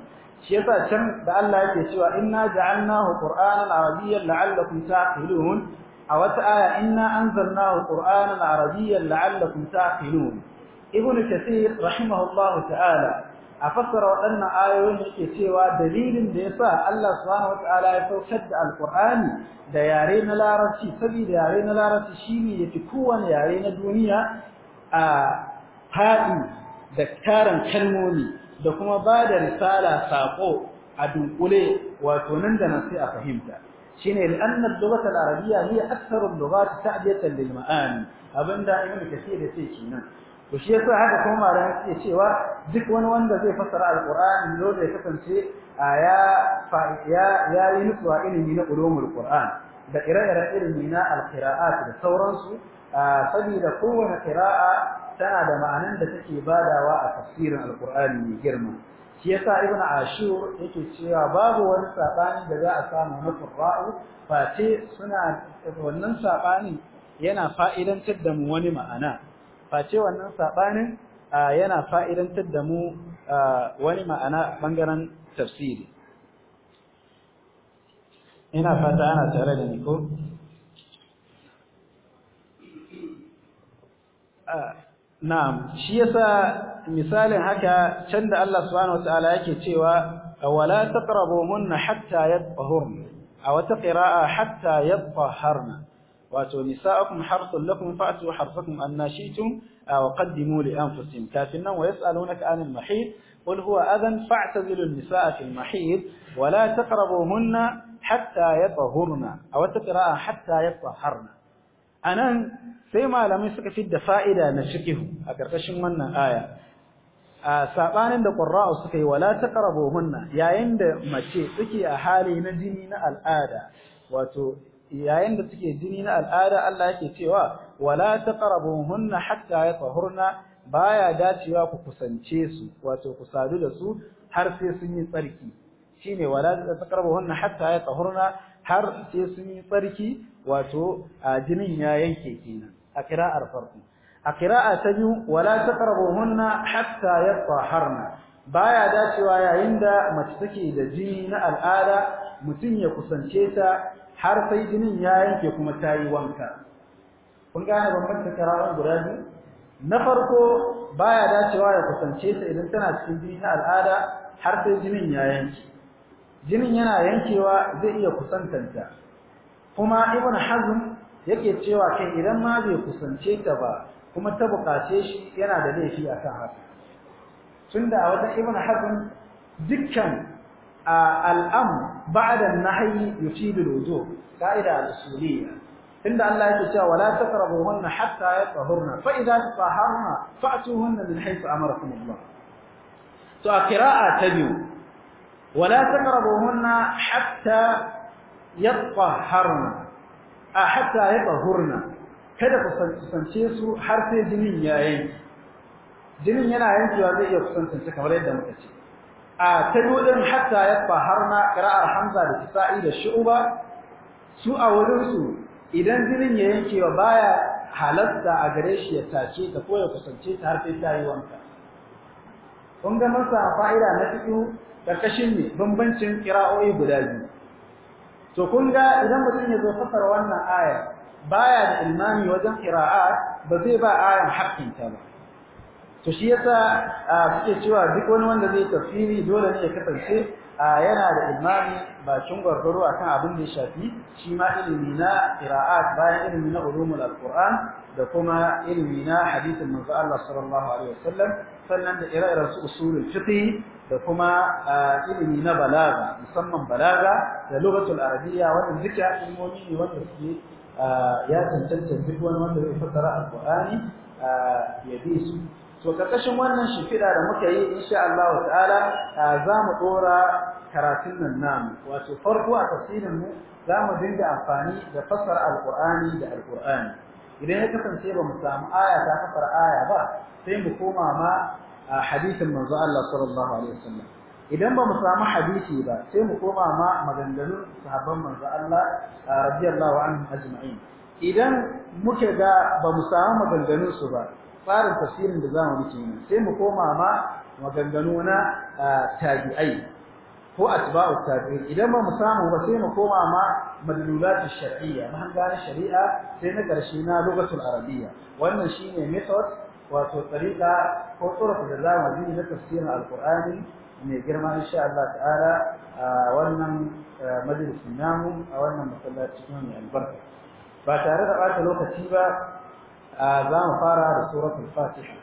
shi yasa can da Allah yake cewa inna ja'alnahu qur'anan arabiyyan la'allakum ta'qilun a wata aya inna anzalnahu qur'anan arabiyyan la'allakum ta'qilun ibnu kathir rahimahullahu ta'ala a fassara waɗannan ayoyin yake cewa dalilin da ya sa Allah subhanahu wataala ya saukar da Alƙur'ani da yare na larabci saboda yare na larabci shine fi kowane yare na duniya a faɗi da tarin kalmomi da kuma ba da risala saƙo a dunƙule, wato nan da nan a fahimta shine li'anna al arabiya al-arabiyya hiya aktharu al-lughat ta'diyatan lil ma'ani abinda ibn da yace kenan to shi yasa haka kuma malaman suke cewa duk wani wanda zai fassara al dole ya kasance aya ya ya yi nutsuwa ilimi na ulumul qur'an da ire-iren ilimi na al da sauransu saboda kowane qira'a tana da ma'anan da take badawa a tafsirin al mai girma shi yasa ibn ashur yake cewa babu wani sabani da za a samu na qurra'u ce suna wannan sabani yana fa'idantar da mu wani ma'ana ce wannan sabanin yana fa'idantar da mu wani ma'ana bangaren tafsiri ina fata ana tare da ni ko na'am shi yasa misalin haka can da Allah subhanahu wataala yake cewa wala taqrabuhunna hatta yatahurna aw wata qira'a hatta yatahharna wato nisa'ukum harthun lakum fa'tu harthakum an nashitum aw qaddimu li anfusikum kafin nan wa yas'alunaka anil mahid qul huwa adhan fa'tazilu أذى فاعتزلوا النساء في المحيض ولا تقربوهن حتى يطهرن أو التقراء hatta yatahharna anan sai malamai suka fidda fa'ida na shikihu a karkashin wannan aya A sabanin da qurra'u suka yi wala taqrabuhunna yayin da mace take a hali na jini na al'ada wato yayin da take jini na al'ada Allah yake cewa wala taqrabuhunna hatta yatahurna baya dacewa ku kusance su wato ku sadu da su har sai sun yi tsarki shine wala taqrabuhunna hatta yatahurna har sai sun yi tsarki wato jinin ya yanke kenan a kira'ar farko a ta biyu wala ta hunna hatta Ba ya dacewa yayin da mace take da jini na al'ada mutum ya kusance ta har sai jinin ya yanke kuma ta yi wanka kun gane bambanta qira'an guda biyu na farko ba ya dacewa ya kusance ta idan tana cikin jini na al'ada har sai jinin ya yanke jinin yana yankewa zai iya kusantanta kuma ibn hazm yake cewa kai idan ma bai kusance ta ba kuma ta bukace shi yana da laifi a kan haka tunda a wajen ibn hazm dukkan al'am ba'da an-nahyi yufidu al-wudu ka'ida al-usuliyya tunda Allah yake cewa wala taqrabuhunna hatta yatahurna fa idza taharna fa'tuhunna min haythu amarakum Allah to a qira'a ta biyu wala taqrabuhunna hatta yatahharna a hatta yatahurna kada ku kusance su har sai jinin ya yanki. jinin yana yankewa zai iya kusantance kamar yadda muka ce a tadodin hatta ya faharna qira'ar hamza da tisa'i da shu'ba su a wurinsu su idan jinin ya yankewa baya halatta a gare shi ya tace ta ko ya kusance ta har sai ta yi wanka kun ga masa fa'ida na cikin karkashin ne bambancin kira'o'i guda biyu to kun ga idan mutum ya zo fasara wannan ayar baya da ilmami wajen qira'at ba zai ba ayan haƙƙin ta ba to shi yasa suke cewa duk wani wanda zai tafsiri dole ne ya kasance yana da ilmami bakin gwargwaro akan abin da ya shafi shi ma ilimi na qira'at bayan ilimi na ulumul alquran da kuma ilimi na hadisin manzo Allah sallallahu alaihi wasallam sannan da ire-iren su usulul fiqh da kuma ilimi na balaga musamman balaga da lugatul arabiyya wannan duka ilmomi ne wanda suke ya cancanta duk wani wanda zai fassara alqur'ani ya bi su to karkashin wannan shifida da muka yi insha Allah ta'ala za mu ɗora karatun nan namu wato farko a tafsirin mu za mu dinga amfani da fassara alqur'ani da alqur'ani idan ya kasance ba mu samu aya ta aya ba sai mu koma ma hadisin manzo Allah sallallahu alaihi wasallam idan ba mu samu hadisi ba sai mu koma ma maganganun sahabban manzo Allah radiyallahu anhum ajma'in idan muke ga ba mu samu maganganun su ba farin tafsirin da zamu yi kenan sai mu koma ma maganganu tabi'ai ko atba'u tabi'in idan ba mu samu ba sai mu koma ma madlulat ash-shar'iyya mahangana shari'a sai na karshe na lugatul arabiyya wannan shine method wato tsarika ko tsorafa da zamu yi na tafsirin alqur'ani mai girma insha Allah ta'ala a wannan eh, majalisin namu a wannan masallaci mai albarka ba tare da ɓata lokaci ba za mu fara da suratul
fatiha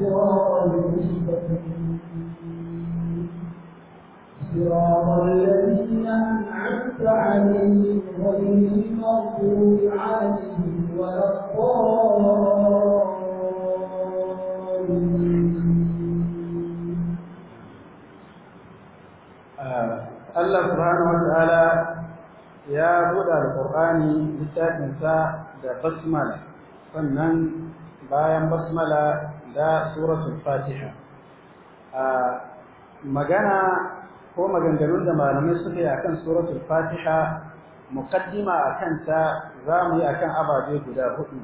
صراط المستقيم صراط الذين أنعمت عليهم غير المغضوب عليهم ولا
Allah subhanahu wa ta'ala ya buɗe alƙur'ani littafinsa da basmala sannan bayan basmala da suratul fatiha a magana ko maganganun da malamai suka yi akan suratul fatiha muqaddima akan ta mu yi akan ababe guda hudu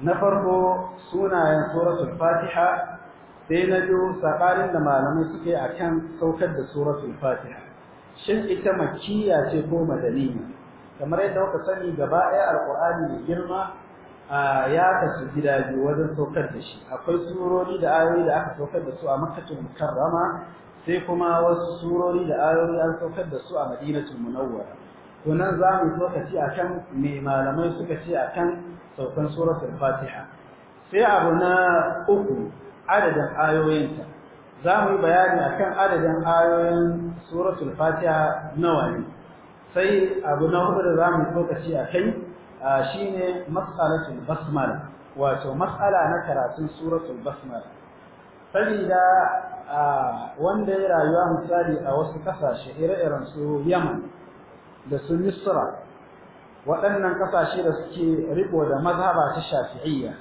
na farko sunayen suratul fatiha sai na biyu da malamai suke a kan saukar da suratul fatiha shin ita makkiya ce ko madaniya kamar yadda kuka sani gaba ɗaya alƙur'ani mai girma ya kasu gida wajen saukar da shi akwai surori da ayoyi da aka saukar da su a makkatul mukarrama sai kuma wasu surori da ayoyi an saukar da su a madinatul munawwara to nan za mu a kan me malamai suka ce kan saukan suratul fatiha sai abu na uku adadin ayoyinta za mu yi bayani kan adadin ayoyin suratul fatiha nawa ne sai abu na hudu da za mu a kai. shine mas'alatul basmala wato mas'ala na karatun suratul basmala sabida wanda ya rayuwa misali a wasu kasashe ire-iren su Yemen da su Misra waɗannan kasashe da suke riko da mazhaba ta Shafi'iyya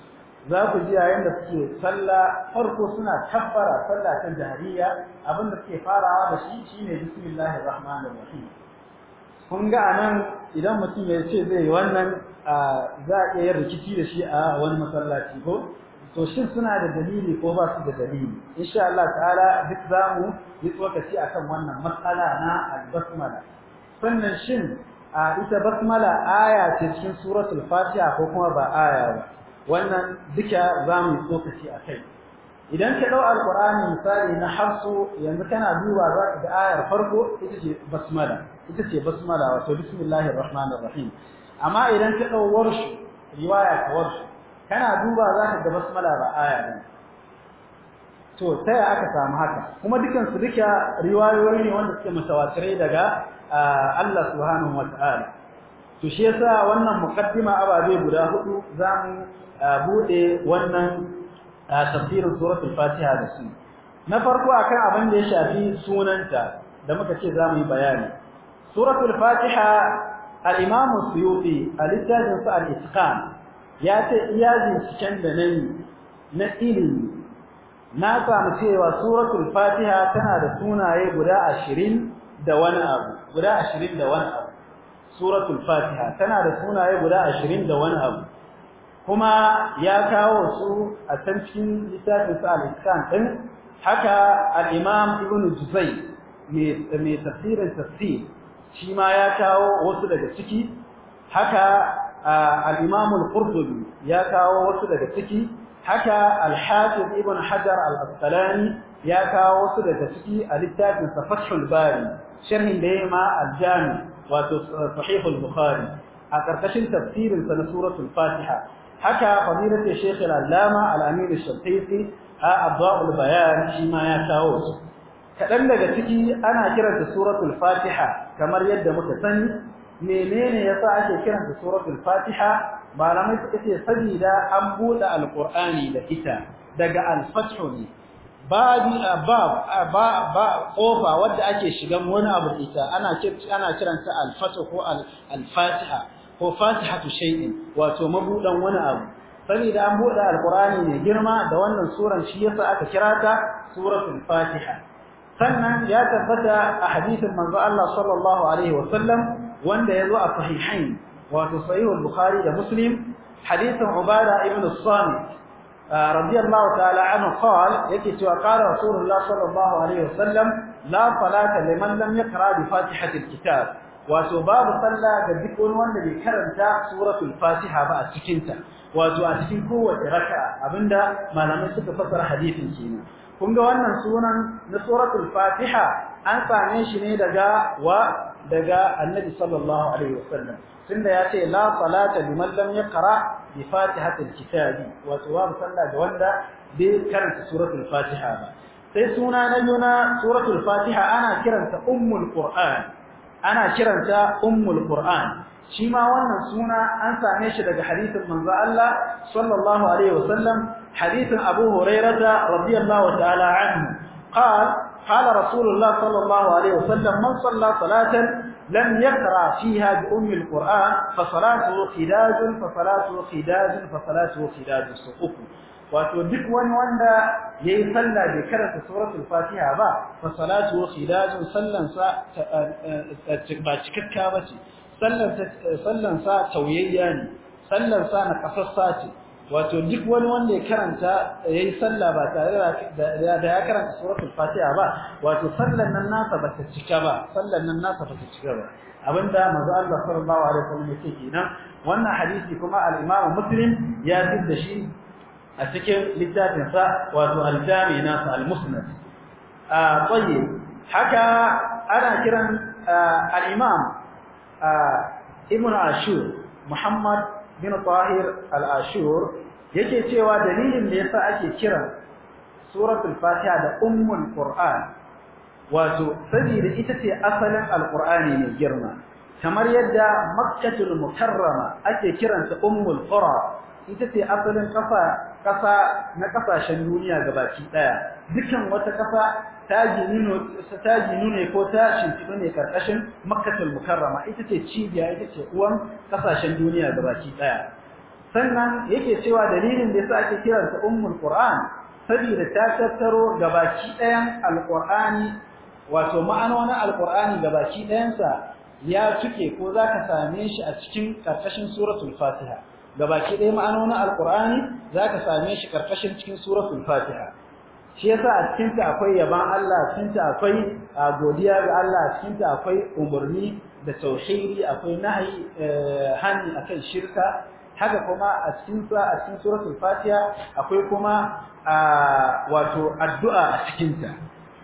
za ku ji yayin da suke sallah farko suna kaffara sallah ta jahiliya abinda suke farawa da shi shine bismillahir rahmanir rahim kun ga anan idan mutum ya ce zai yi wannan za a iya rikici da shi a wani masallaci ko to shi suna da dalili ko ba su da dalili insha Allah ta'ala duk zamu yi tsokaci akan wannan matsala na al-basmala sannan shin a ita basmala aya ce cikin suratul fatiha ko kuma ba aya ba wannan duka zamu yi tsokaci akai idan ka ɗau Alƙur'ani misali na harsu yanzu kana duba za ka ga ayar farko ita ce basmala ita ce basmala wato bismillahir rahmanir rahim amma idan ka dau warshu riwaya ka warshu kana duba za ka ga basmala ba aya ne to sai aka samu haka kuma dukan su duka riwayoyi ne wanda suke mutawatirai daga Allah subhanahu wataala to shi yasa wannan muqaddima ababe guda hudu zamu bude wannan tafsirin suratul fatiha da su na farko akan abin da ya shafi sunanta da muka ce zamu yi bayani suratul fatiha al-imam suyuti al-tajin sa al-itqan ya ce iya binciken da nayi na ilimi na samu cewa suratul fatiha tana da sunaye guda 20 da wani abu guda 20 fatiha tana da sunaye guda 20 da wani abu kuma ya kawo su a can cikin littafin al din haka al-imam mai tafsirin tafsir shi ma ya kawo wasu daga ciki haka al-Imam al-Qurtubi ya kawo wasu daga ciki haka al-Hafiz Ibn Hajar al-Asqalani ya kawo wasu daga ciki a littafin sa Bari sharhin da yayi ma al-Jami wato Sahih al-Bukhari a karkashin tafsirin sa na suratul Fatiha haka fadilatu Sheikh al-Allama al-Amin al-Shafiqi a Abdul Bayan shi ma ya kawo wasu. kaɗan daga ciki ana kiranta suratul fatiha kamar yadda muka sani menene yasa ake kiranta suratul fatiha malamai suka ce saboda an bude alqur'ani da ita daga al-fathu ne babu ba ba kofa wanda ake shigan wani abu ita ana ana kiranta al-fathu ko al-fatiha ko fatihatu shay'in wato mabudan wani abu saboda an buɗe alqur'ani ne girma da wannan suran shi yasa aka kira ta suratul fatiha sannan ya tabbata a hadisin manzo Allah sallallahu alaihi wa sallam wanda yazo a sahihain wato sahih al-bukhari da muslim hadisin ubada ibn as-samit uh, radiyallahu ta'ala anhu qala yake cewa qala rasulullah sallallahu alaihi wa sallam la salata liman lam yaqra bi fatihati al-kitab wato babu sallah ga duk wani wanda bai karanta suratul fatiha ba a cikinta wato a cikin kowace raka'a abinda malamai suka fasara hadisin kenan kun ga wannan sunan na suratul fatiha an same shi ne daga wa daga annabi sallallahu alaihi wasallam tunda ya ce la salata liman lam yaqra bi fatihatil kitabi wa tuwab salla da wanda bai karanta suratul fatiha ba sai suna na yuna suratul fatiha ana kiranta ummul qur'an ana kiranta ummul qur'an shi ma wannan suna an same shi daga hadisin manzo Allah sallallahu alaihi wasallam حديث أبو هريرة رضي الله تعالى عنه قال قال رسول الله صلى الله عليه وسلم من صلى صلاة لم يقرأ فيها بأم القرآن فصلاته خداج فصلاته خداج فصلاته خداج صفوف wato duk wani wanda yayi sallah da karanta suratul fatiha ba fa salatu khilajun sallan sa ba cikakka bace sallan sa tauyayya ne sallan sa na wato duk wani wanda ya karanta yayi sallah ba tare da ya karanta suratul fatiha ba wato sallan nan nasa ba ta cika ba sallan nan nasa ba ta cika ba abinda manzo Allah sallallahu alaihi wasallam yake kenan wannan hadisi kuma al-Imam Muslim ya da shi a cikin littafin sa wato al-Jami nasa al-Musnad ah tayyib haka ana kiran al-Imam Ibn Ashur Muhammad bin Tahir al-Ashur yake cewa dalilin da yasa ake kiran suratul Fatiha da ummul Qur'an wato saboda ita ce asalin Al-Qur'ani ne girma kamar yadda Makkatul Mukarrama ake kiranta ummul Qura ita ce asalin kafa ƙasa na ƙasashen duniya gabaki ɗaya dukan wata kasa ta jinu ne ko ta shimfiɗu ne ƙarƙashin makkatul mukarrama ita ce cibiya ita ce uwan ƙasashen duniya gabaki ɗaya sannan yake cewa dalilin da yasa ake kiranta ummul qur'an saboda ta tattaro gabaki ɗayan alqur'ani wato ma'anonin alqur'ani gabaki ɗayansa ya tuke ko zaka same shi a cikin ƙarƙashin suratul fatiha gabaki ɗaya ma'anonin alqur'ani zaka same shi karkashin cikin suratul fatiha shi yasa a cikin ta akwai yaban Allah a cikin ta akwai godiya ga Allah a cikin ta akwai umurni da tauhidi akwai nahyi eh, hani akan shirka haka kuma a cikin a cikin suratul fatiha akwai kuma wato addu'a a cikin ta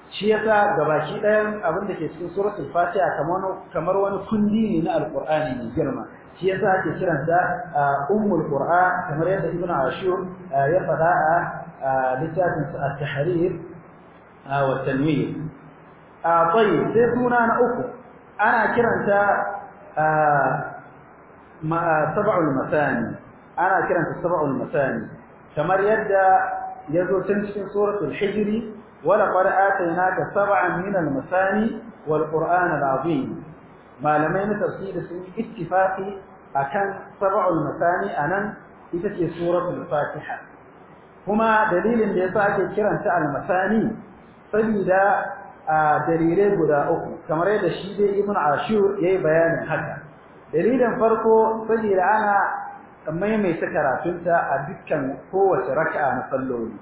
shi yasa gabaki ɗayan abin da ke cikin suratul fatiha kamar kamar wani kundi ne na alqur'ani ne girma shi yasa ake kiransa ummul qur'an kamar yadda ibn ashur ya faɗa a littafin sa at-tahrir wa tanwir a tayyib sai suna na uku ana kiranta sab'ul masani ana kiranta sab'ul masani kamar yadda yazo tun cikin suratul hijri ولقد آتيناك سبعا من المثاني والقرآن العظيم malamai na tafsiri sun yi ittifaqi akan sab'ul a anan ita ce suratul fatiha kuma dalilin da yasa ake kiranta al-masani saboda a dalilai guda uku kamar yadda shi dai ibn ashur yayi bayanin haka dalilin farko saboda ana maimaita karatunta a dukkan kowace raka'a na salloli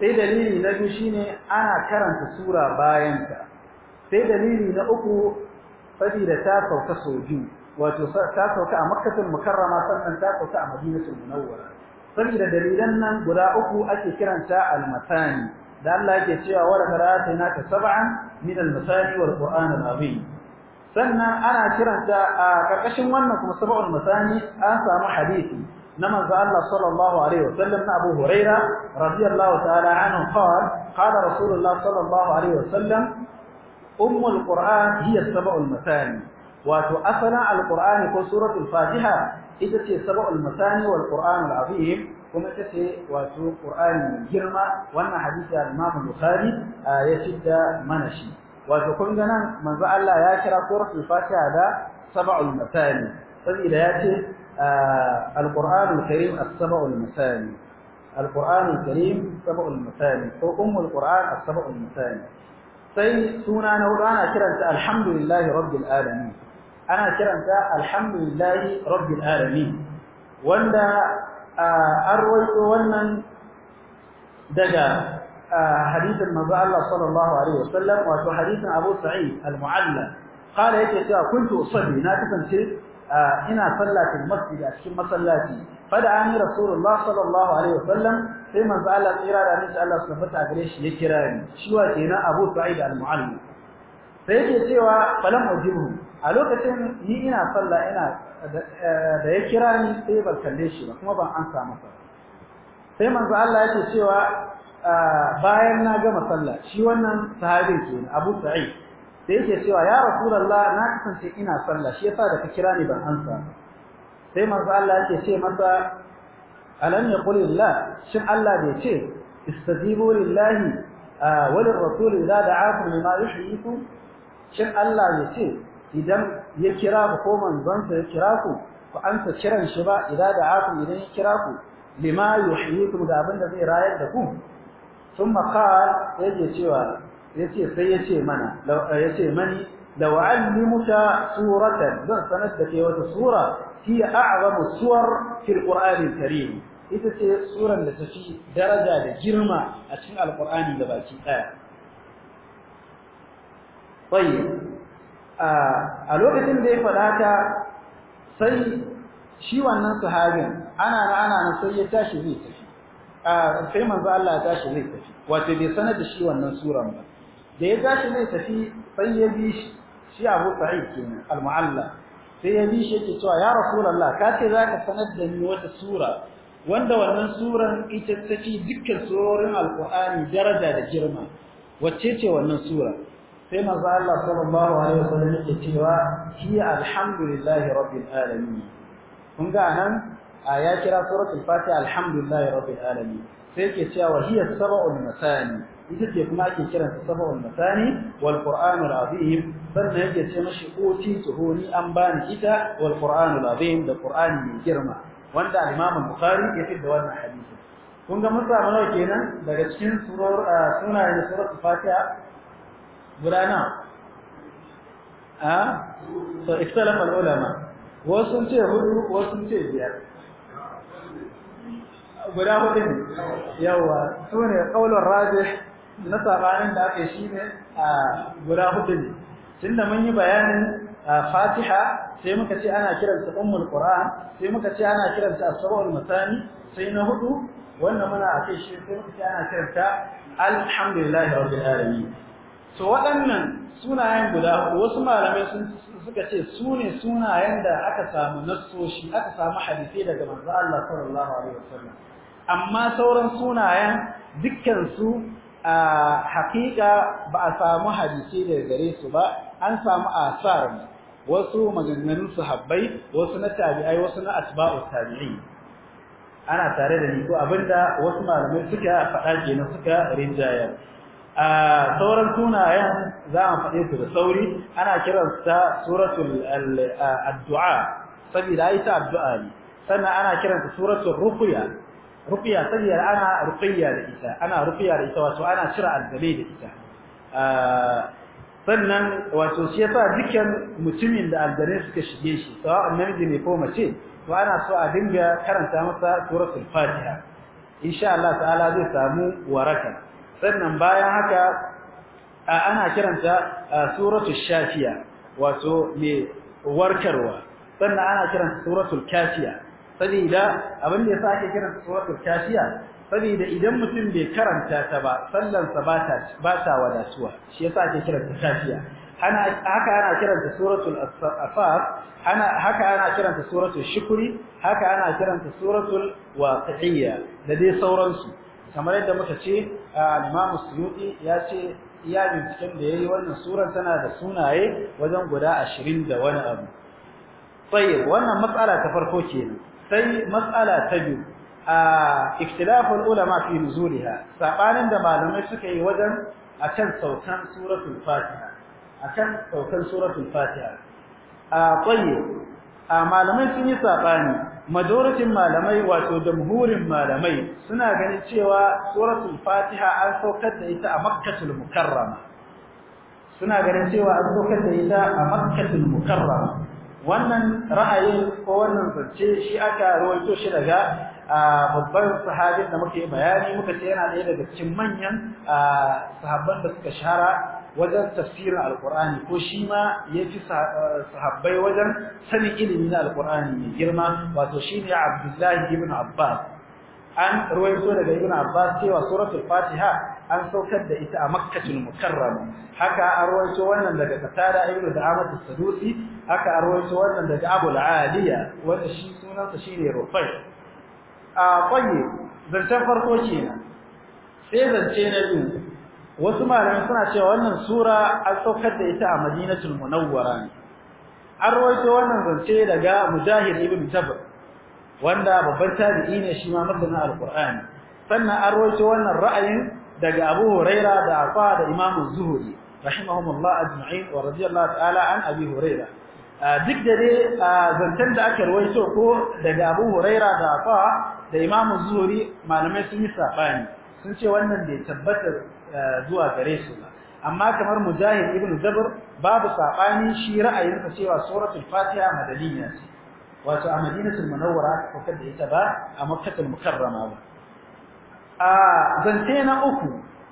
sai dalili na biyu shine ana karanta sura bayan ta sai dalili na uku saboda ta sauka sau wato ta sauka a makkatul mukarrama sannan ta sauka a madinatul munawwara saboda dalilan nan guda uku ake kiranta al da Allah yake cewa wa qara'atina ka sab'an min al-matani wal qur'an al sannan ana kiranta a karkashin wannan kuma sab'ul matani an samu hadisi na manzo Allah sallallahu alaihi wasallam na Abu Huraira radiyallahu ta'ala anhu qala qala rasulullah sallallahu alaihi wasallam أم القرآن هي السبع المثاني وتؤثنا القرآن في سورة الفاتحة إذا تي السبع المثاني والقرآن العظيم كما تسي واتو قرآن من جرمة وأن حديث الإمام البخاري آه، يشد منشي واتو كنجنا من زعل لا ياشر سورة الفاتحة هذا سبع المثاني فإذا ياتي آه القرآن الكريم السبع المثاني القرآن الكريم سبع المثاني أم القرآن السبع المثاني sai suna na hudu ana kiranta alhamdulillahi rabbil alamin ana kiranta alhamdulillahi rabbil alamin wanda an wannan daga hadisin manzo Allah sallallahu alaihi wasallam wato hadisin Abu Sa'id al-Mu'alla qala yake cewa kuntu usalli na kasance ina sallatin masjid a cikin masallaci fada ani rasulullah sallallahu alaihi wasallam sai manzo Allah tsira da annabi Allah su tabbata gare shi ya kira ni shi wa kenan Abu Sa'id al-Mu'allim sai yake cewa falam ujibu a lokacin ni ina sallah ina eh, da ya kira ni sai ban kalle shi ba kuma ban ansa masa sai manzo Allah yake cewa ah, bayan na gama sallah shi wannan sahabin kenan Abu Sa'id sai yake cewa ya Rasulullah na kasance ina sallah shi yasa da ka kira ni ban ansa sai manzo Allah yake ce masa alam yaqul lillah shin Allah bai ce istajibu lillahi wa lirrasul idza da'akum lima yuhyikum shin Allah bai ce idan ya kira ku ko manzon sa ya kira ku ku ansa kiran shi ba idza da'akum idan ya kira ku lima yuhyikum da abin da zai rayar da ku thumma qala yaje cewa yace sai yace mana yace mani لو علمك da زن wata sura? هي أعظم الصور في القرآن الكريم إذا سورة التي درجة جرمة أشياء القرآن لباكي آه. طيب a lokacin da ya faɗa ta sai shi wannan sahabin ana na ana na sai ya tashi zai tafi a sai manzo Allah ya tashi zai tafi wato bai sanar da shi wannan suran ba da ya tashi zai tafi sai ya bi shi shi Abu Sa'id al-Mu'alla sai ya bi shi yake cewa ya rasulullah ka ce zaka sanar da ni wata sura wanda wannan suran ita take dukkan surorin alqur'ani daraja da girma wacce ce wannan sura sai manzo Allah
sallallahu alaihi wasallam
yake cewa hi alhamdulillahi rabbil alamin kun ga nan ya kira suratul fatiha alhamdulillahi rabbil alamin sai yake cewa hiya sab'ul masani ita ce kuma ake kiran ta safawal masani wal qur'anul azim sannan yake ce mashi oti tuhoni an bani ita wal qur'anul azim da qur'ani mai girma wanda imam bukhari ya da wannan hadisi kun ga mun samu nawa kenan daga cikin surar ah, sunayen surar fatiha guda nawa a ah? so ikhtilaf al ulama wasu ce hudu wasu ce biyar
guda hudu ne
su ne qaulur rajih na sabanin da aka yi shi ne a guda hudu ne tunda mun yi bayanin fatiha sai muka ce ana kiransa ummul qur'an sai muka ce ana kiransa as-sab'ul matani sai na hudu wannan muna a kai shi sai muka ce ana kiransa alhamdulillahi rabbil alamin so waɗannan sunayen guda wasu malamai sun suka ce su ne sunayen da aka samu nassoshi aka samu hadisi daga manzo Allah sallallahu alaihi wasallam amma sauran sunayen dukkan su a haƙiƙa ba a samu hadisi daga gare su ba an samu asar wasu maganganun habbai wasu na tabi'ai wasu na asba'u tabi'i ana tare da ni ko abinda wasu malamai suka faɗa kenan suka rinjaya a sauran sunayen za a faɗe su da sauri ana kiransa suratul addu'a saboda ita addu'a ne sannan ana kiranta suratul ruqya ruqiya sabiyar ana ruqiya da ita ana ruqiya da ita wato ana cire algabe da ita ah, sannan wato shi yasa dukkan mutumin da algare suka shige shi sawa'an namiji ne ko mace to ana so a dinga karanta masa suratul fatiha insha Allah ta'ala zai samu waraka sannan bayan haka ana kiranta suratul shafiya wato mai warkarwa sannan ana kiranta suratul kafiya saboda abin da yasa ake kiran suratul kashiya saboda idan mutum bai karanta ta ba sallan sa bata ba wadatuwa shi yasa ake kiran ta kashiya ana haka ana kiranta suratul asfar ana haka ana kiranta suratul shukri haka ana kiranta suratul waqi'iyya da dai sauransu kamar yadda muka ce Imam Suyuti ya ce iya binciken da yayi wannan surar tana da sunaye wajen guda 20 da wani abu tayyib wannan matsala ta farko kenan sai matsala ta biyu a ikhtilaful ulama fi nuzuliha sabanin da malamai suka yi wajen kan saukan suratul fatiha kan saukan suratul fatiha a tsaye a malamai sun yi sabani majoritin malamai wato jamhurin malamai suna ganin cewa suratul fatiha an saukar da ita a makkatul mukarrama suna ganin cewa an saukar da ita a makkatul mukarrama wannan ra'ayin ko wannan zance shi aka rawaito shi daga babban sahabin da muke bayani muka ce yana daya daga cikin manyan sahabban da suka shahara wajen tafsirin alkur'ani ko shi ma ya ci sahabbai wajen sanin ilimi na alkur'ani mai girma wato shi ne abdullahi ibn abbas an rawaito daga ibn abbas cewa suratul fatiha an saukar da ita a makkatul mukarrama haka arwaito wannan daga qatada ibnu da'amat as-sadusi haka arwaito wannan daga abu al-aliya wanda shi sunansa shine rufai a kwaye zancen farko kenan sai zance na biyu wasu malamai suna cewa wannan sura an saukar da ita a madinatul munawwara ne an wannan zance daga mujahid ibn jabr wanda babban tabi'i ne shi ma masanin alqur'ani sannan an wannan ra'ayin daga Abu Huraira da Afa da Imam Zuhri rahimahumullah ajma'in wa radiyallahu ta'ala an Abi Huraira duk da dai zantan da aka rawaito ko daga Abu Huraira da Afa da Imam Zuhri malamai sun yi sabani sun ce wannan bai tabbata zuwa gare su ba amma kamar Mujahid ibn Jabr babu sabani shi ra'ayinsa cewa suratul Fatiha madaniya ce wato a Madinatul Munawwara ko kada ita ba a Makkatul Mukarrama ba a zance na uku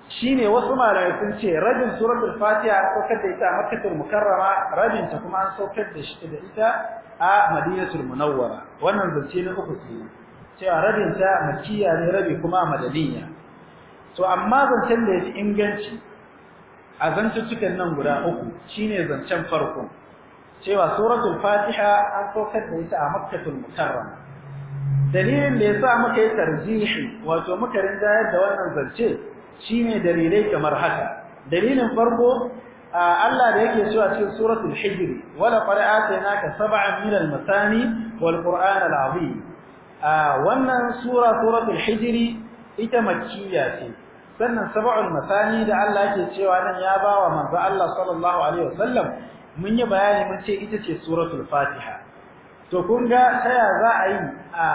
shine wasu malamai sun ce rabin suratul fatiha an saukar da ita a makkatul mukarrama rabin ta kuma an saukar da shi da ita a madinatul munawwara wannan zance na uku ce cewa rabin ta makkiya ne rabi kuma a madaniya to amma zancen da fi inganci a zantuttukan nan guda uku shine zancen farko cewa suratul fatiha an saukar da ita a makkatul mukarrama dalilin da yasa muka yi tarjihi wato muka rinjayar da wannan zance shine dalilai kamar haka dalilin farko Allah da yake cewa cikin suratul hijr wala qad atainaka sab'an min al-masani wal qur'an al-azim wannan sura suratul hijr ita makkiya ce sannan sab'ul masani da Allah yake cewa nan ya bawa manzo Allah sallallahu alaihi wasallam mun yi bayani mun ce ita ce suratul fatiha to kun ga taya za a yi a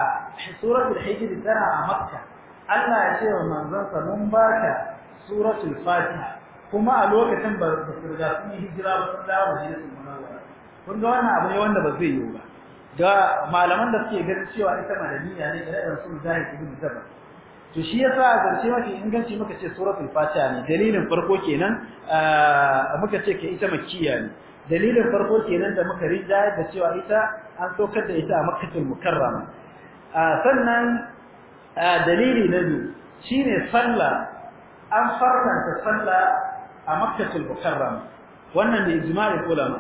suratul hijr tana a makka Allah ya ce wa manzon sa mun baka suratul fatiha kuma a lokacin ba su riga sun hijira ba sun dawo ne sun munawara kun ga wannan abu ne wanda ba zai yi ba ga malaman da suke ganin cewa ita
madaniya ne da ran sun zahiri ibn zabar
to shi yasa a zance mafi inganci muka ce suratul fatiha ne dalilin farko kenan eh, muka ce ke ita makkiya ne dalilin farko kenan da muka rinja da cewa ita an saukar da ita a makkatul mukarrama sannan dalili na biyu shine sallah an farkanta sallah a makkatul mukarrama wannan da da ulama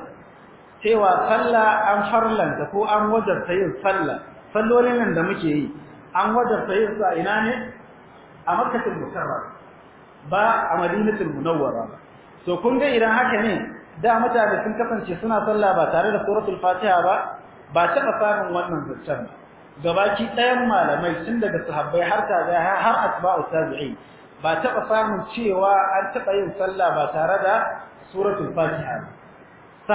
cewa sallah an farlanta ko an wajarta yin sallah sallolin nan da muke yi an wajarta yin su a ina ne a makkatul mukarrama ba a madinatul munawwara to kun ga idan haka ne da mutane sun kasance suna sallah ba tare da suratul fatiha ba ba taɓa samun wannan zancen ba gabaki ɗayan malamai tun daga sahabbai har taga har asba'u tabi'i ba taɓa samun cewa an taɓa yin sallah ba tare da suratul fatiha ba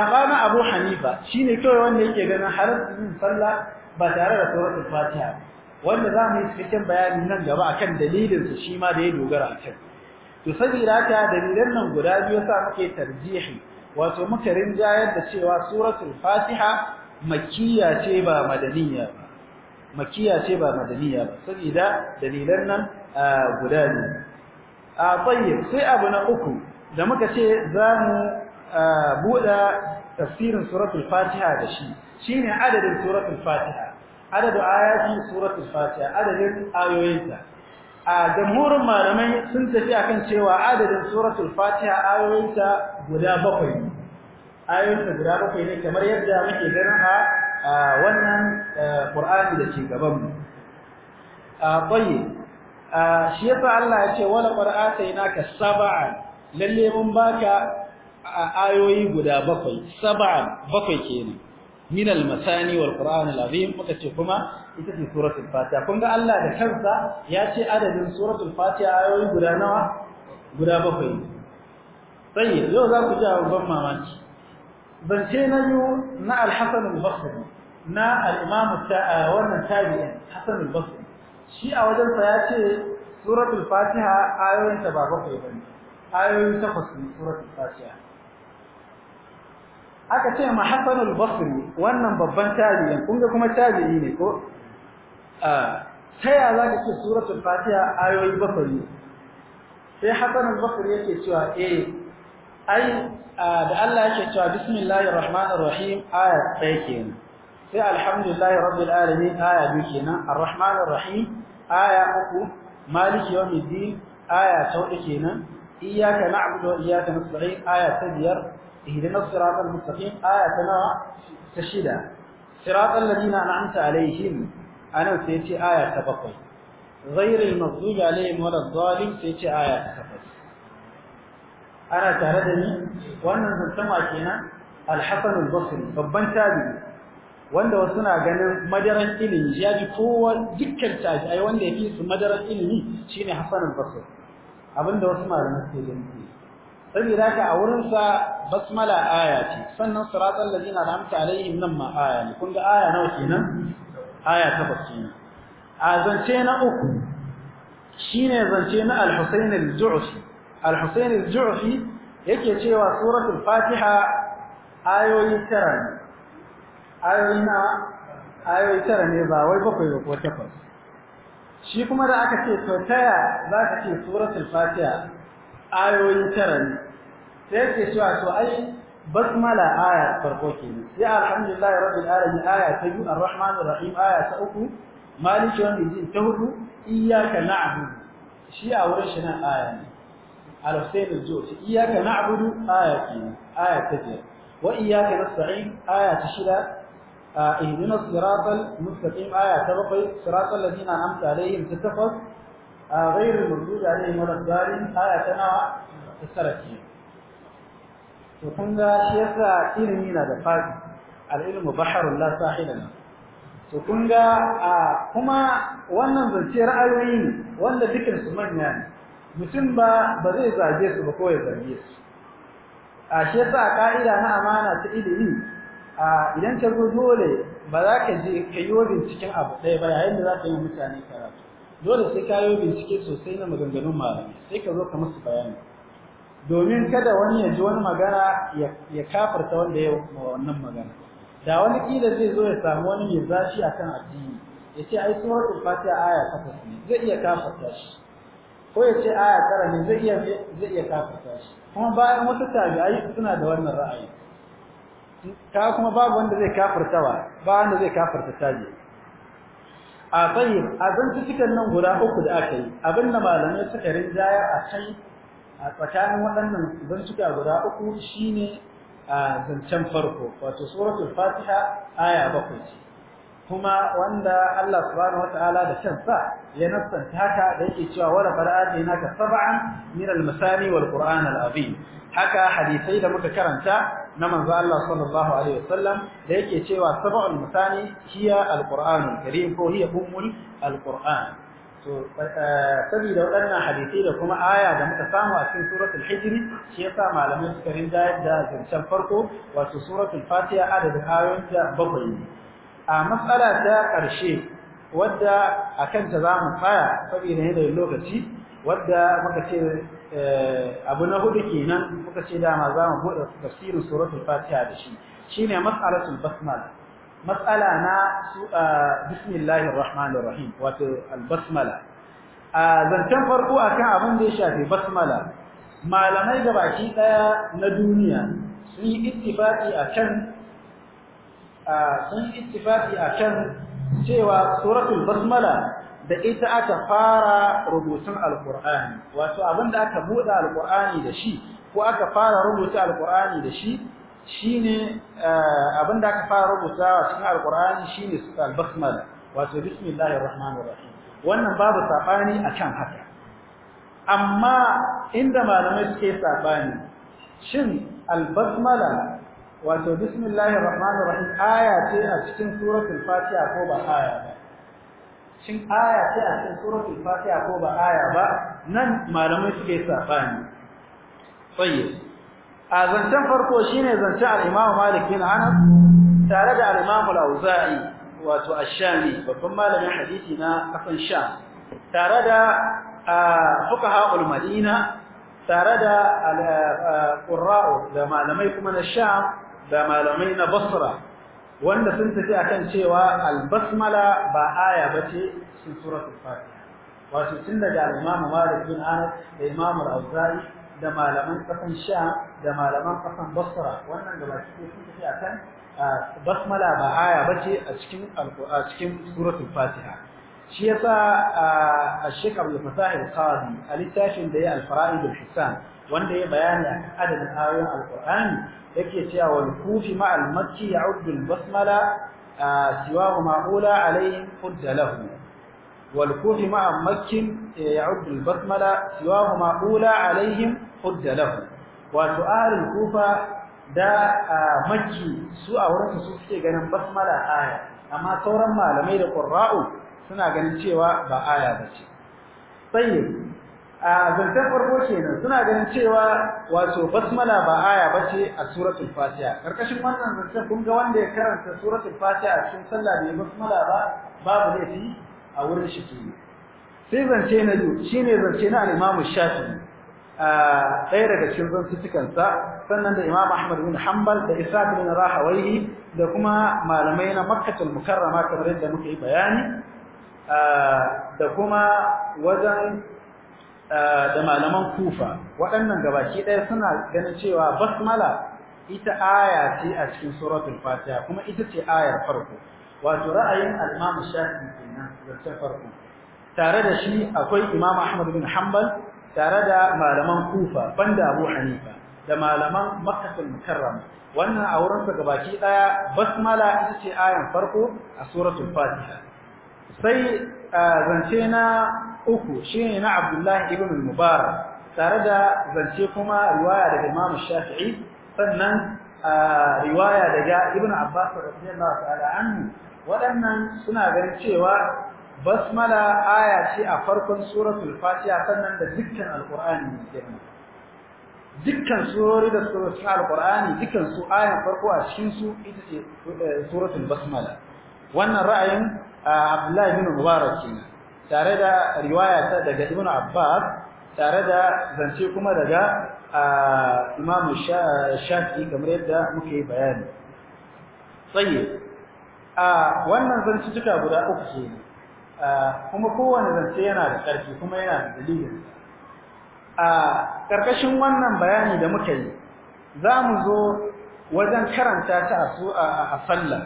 sabana abu hanifa shine kai wanda yake ganin halarci yin sallah ba tare da suratul fatiha wanda za mu yi cikakken bayani nan gaba akan dalilin su shi ma da ya dogara akan to saboda ta dalilan nan guda biyu sa muke tarjihi wato muka rinjayar da cewa suratul fatiha makkiya ce ba madaniya ba makkiya ce ba madaniya ba saboda dalilan nan guda ne a tayyib sai abu na uku da muka ce za mu buɗa tafsirin suratul fatiha da shi shine adadin suratul fatiha adadu ayatin suratul fatiha adadin ayoyinta a jamhurin malamai sun tafi akan cewa adadin suratul fatiha ayoyinta guda bakwai ayoyinsa guda bakwai ne kamar yadda muke ganin a wannan ƙur'ani da ke gaban mu a tsaye shi yasa Allah ya ce wala ka saba'an lalle mun baka ayoyi guda bakwai Saba'an bakwai kenan min al-masani wal qur'an al-azim muka ce kuma ita ce suratul fatiha kun ga Allah da kansa ya ce adadin suratul fatiha ayoyi guda nawa guda bakwai sai yau za ku ji abin mamaki zance na biyu na alhassan hasan al-basri na al-imam wannan tabi'in Hassan al-basri shi a wajen sa ya ce suratul fatiha ayoyin ta ba bakwai
ba ne ayoyin takwas ne suratul fatiha
aka ce ma Hassan al-basri wannan babban tabi'in kun ga kuma tabi'i ne ko ta ya za ka ce suratul fatiha ayoyi bakwai sai Hassan al-basri yake cewa eh ai da Allah yake cewa bismillahir rahmanir aya tsaye kenan sai alhamdulillahi rabbil alamin aya biyu kenan arrahmanir rahim aya uku maliki yawmiddin aya ta hudu kenan iyyaka na'budu wa iyyaka nasta'in aya ta biyar ihdinas siratal mustaqim aya ta nawa ta shida siratal ladina an'amta alaihim anan sai ce aya ta bakwai ghayril maghdubi alaihim waladdallin sai ce aya ta ana tare da ni wannan zantama kenan al-hasan al-basri babban tabi'i wanda wasu na ganin madaran ilimi ya ji kowa dukkan tabi'ai wanda ya fi su madaran ilimi shine hasan al-basri abinda wasu malamai suke gani Sabida haka a wurin sa basmala aya ce sannan siratal ladina an'amta alaihim nan ma aya ne kun ga aya nawa kenan aya ta bakkina a zance na uku shine zance na al-husayn al-ju'fi al-Husayn al-Ju'fi yake cewa suratul Fatiha ayoyi tara ne ayoyi na ayoyi tara ne ba wai bakwai ba ko takwas shi kuma da aka ce to taya za ka ce suratul Fatiha ayoyi tara ne sai yake cewa to ai basmala aya farko kenan sai alhamdulillahi rabbil alamin aya ta biyu arrahmanir rahim aya ta uku maliki yawmiddin ta hudu iyyaka na'budu shi a wurin shi nan aya ne al-husayn al-jusi iyyaka na'budu ayati ayati tajir wa iyyaka nasta'in ayati shida اهدنا الصراط المستقيم آية تبقي صراط الذين أنعمت عليهم تتفق غير المردود عليهم ولا الضالين آية
تنوع السركين
وكان شيخ علمي لا دفاع العلم بحر لا ساحل له to kun ga kuma wannan zance ra'ayoyi ne wanda dukkan su manya ne mutum ba ba zai zage su ba ko ya zage su a shi yasa ka'ida na amana ta ilimi a idan ka zo dole ba za ka je ka yi cikin abu ɗaya ba yayin da za ka yi mutane karatu dole sai ka yi bincike sosai na maganganun malamai sai ka zo ka musu bayani domin kada wani ya ji wani magana ya kafarta wanda ya yi wannan magana da wani kila zai zo ya samu wani mai zafi akan addini ya ce ai suratul fatiha aya takwas ne zai iya kafarta shi ko ya ce aya tara ne zai iya zai iya kafarta shi kuma bayan wasu tabi'ai suna da wannan ra'ayi ka kuma babu wanda zai kafarta ba ba wanda zai kafarta tabi a a zan ci cikin nan guda uku da aka yi abin da malamai suka rinjaya a kai a tsakanin waɗannan zan cika guda uku shine a zancen farko wato suratul fatiha aya bakwai kuma wanda Allah subhanahu wataala da kansa ya nassanta haka da yake cewa wala bara'ati naka sab'an min al-masani wal qur'an al-azim haka hadisai da muka karanta na manzo Allah sallallahu alaihi wasallam da yake cewa sab'ul masani hiya al-qur'an al-karim ko hiya ummul al-qur'an to eh, saboda waɗannan hadisai da kuma aya da muka samu a cikin suratul hijr shi yasa malamai suka rinda da zancen farko wato suratul fatiha adadin ayoyin da bakwai a matsala ta ƙarshe wadda a kanta za mu tsaya saboda lokaci wadda muka ce eh, abu na hudu kenan muka ce dama za mu buɗe tafsirin suratul fatiha da shi shine mas'alatul Basmal. Matsala na bismillahir rahmanir rahim wato Al-Basmala. a zancen farko akan abin da ya shafi basmala malamai gabaki daya na duniya sun yi ittifaqi akan sun ittifaqi akan cewa suratul basmala da ita aka fara rubutun alqur'ani wato abinda aka buɗe alqur'ani da shi ko aka fara rubuta alqur'ani da shi shine eh, abinda aka fara rubutawa cikin alqur'ani shine suratul basmala wato bismillahir rahmanir rahim wannan babu sabani akan haka amma inda malamai suke sabani shin albasmala wato bismillahir rahmanir rahim aya ce a cikin suratul fatiha ko ba aya ba shin aya ce a cikin suratul fatiha ko ba aya ba nan malamai suke sabani tayyib a zancen farko shine zancen al-Imam Malik bin Anas tare da al-Imam al-Auza'i wato ash-Shami babban malamin hadisi na kasan Sham tare da fuqaha al-Madina tare da al-qurra'u da malamai kuma na Sham da malamai na basra wanda sun tafi akan cewa albasmala ba aya bace cikin suratul fatiha wato tun daga al-imam malik bin anas da imam al-auza'i da malaman kasan sha da malaman kasan basra wannan da baki sun tafi akan basmala ba aya bace a cikin al cikin suratul fatiha shi yasa al-sheikh abdul fatah al-qadi al da ya al-fara'id al-hisan wanda ya bayani adadin ayoyin al-qur'ani yake cewa wal kufi ma al makki ya'uddu al basmala siwahu ma ula alayhi qudda lahu wal kufi ma al makki eh, ya'uddu al basmala siwahu ma ula alayhim qudda lahu wato ahlul kufa da makki su a wurin su suke ganin basmala aya amma sauran malamai da qurra'u suna ganin cewa ba aya bace tayyib a zancen farko kenan suna ganin cewa wato basmala ba aya ba ce a suratul fatiha karkashin wannan zancen kun ga wanda ya karanta suratul fatiha a cikin sallah ne basmala ba babu laifi a wurin shi sai zance na biyu shine zance na al-Imam Shafi'i a ɗaya daga cikin sa sannan da Imam Ahmad bin Hanbal da Isa bin rahawayi da kuma malamai na Makkatul Mukarrama kamar yadda muka yi bayani da kuma wajen da malaman kufa waɗannan gabaki ɗaya suna ganin cewa basmala ita aya ce a cikin suratul fatiha kuma ita ce ayar farko wato ra'ayin al-imam kenan zancen farko tare da shi akwai imam ahmad bin hanbal tare da malaman kufa banda abu hanifa da malaman makkatul mukarrama wannan a wurin gabaki ɗaya basmala ita ce ayan farko a suratul fatiha sai zance na uku shine na Abdullah ibn al-Mubarak tare da zance kuma riwaya daga Imam Shafi'i sannan riwaya daga Ibn Abbas radiyallahu ta'ala anhu waɗannan suna ganin cewa basmala aya ce a farkon suratul Fatiha sannan da dukkan Al-ƙur'ani alqur'ani ne dukkan surori da suka al alqur'ani dukkan su ayan farko a cikin su ita ce eh, suratul basmala wannan ra'ayin Abdullah ibn Mubarak kenan tare da riwaya ta daga Ibn Abbas tare da zance kuma daga Imam Shafi kamar yadda muke bayani sai a wannan tuka guda uku ce kuma kowane zance yana da ƙarfi kuma yana da dalili a ƙarƙashin wannan bayani da muka yi za mu zo wajen karanta ta a sallah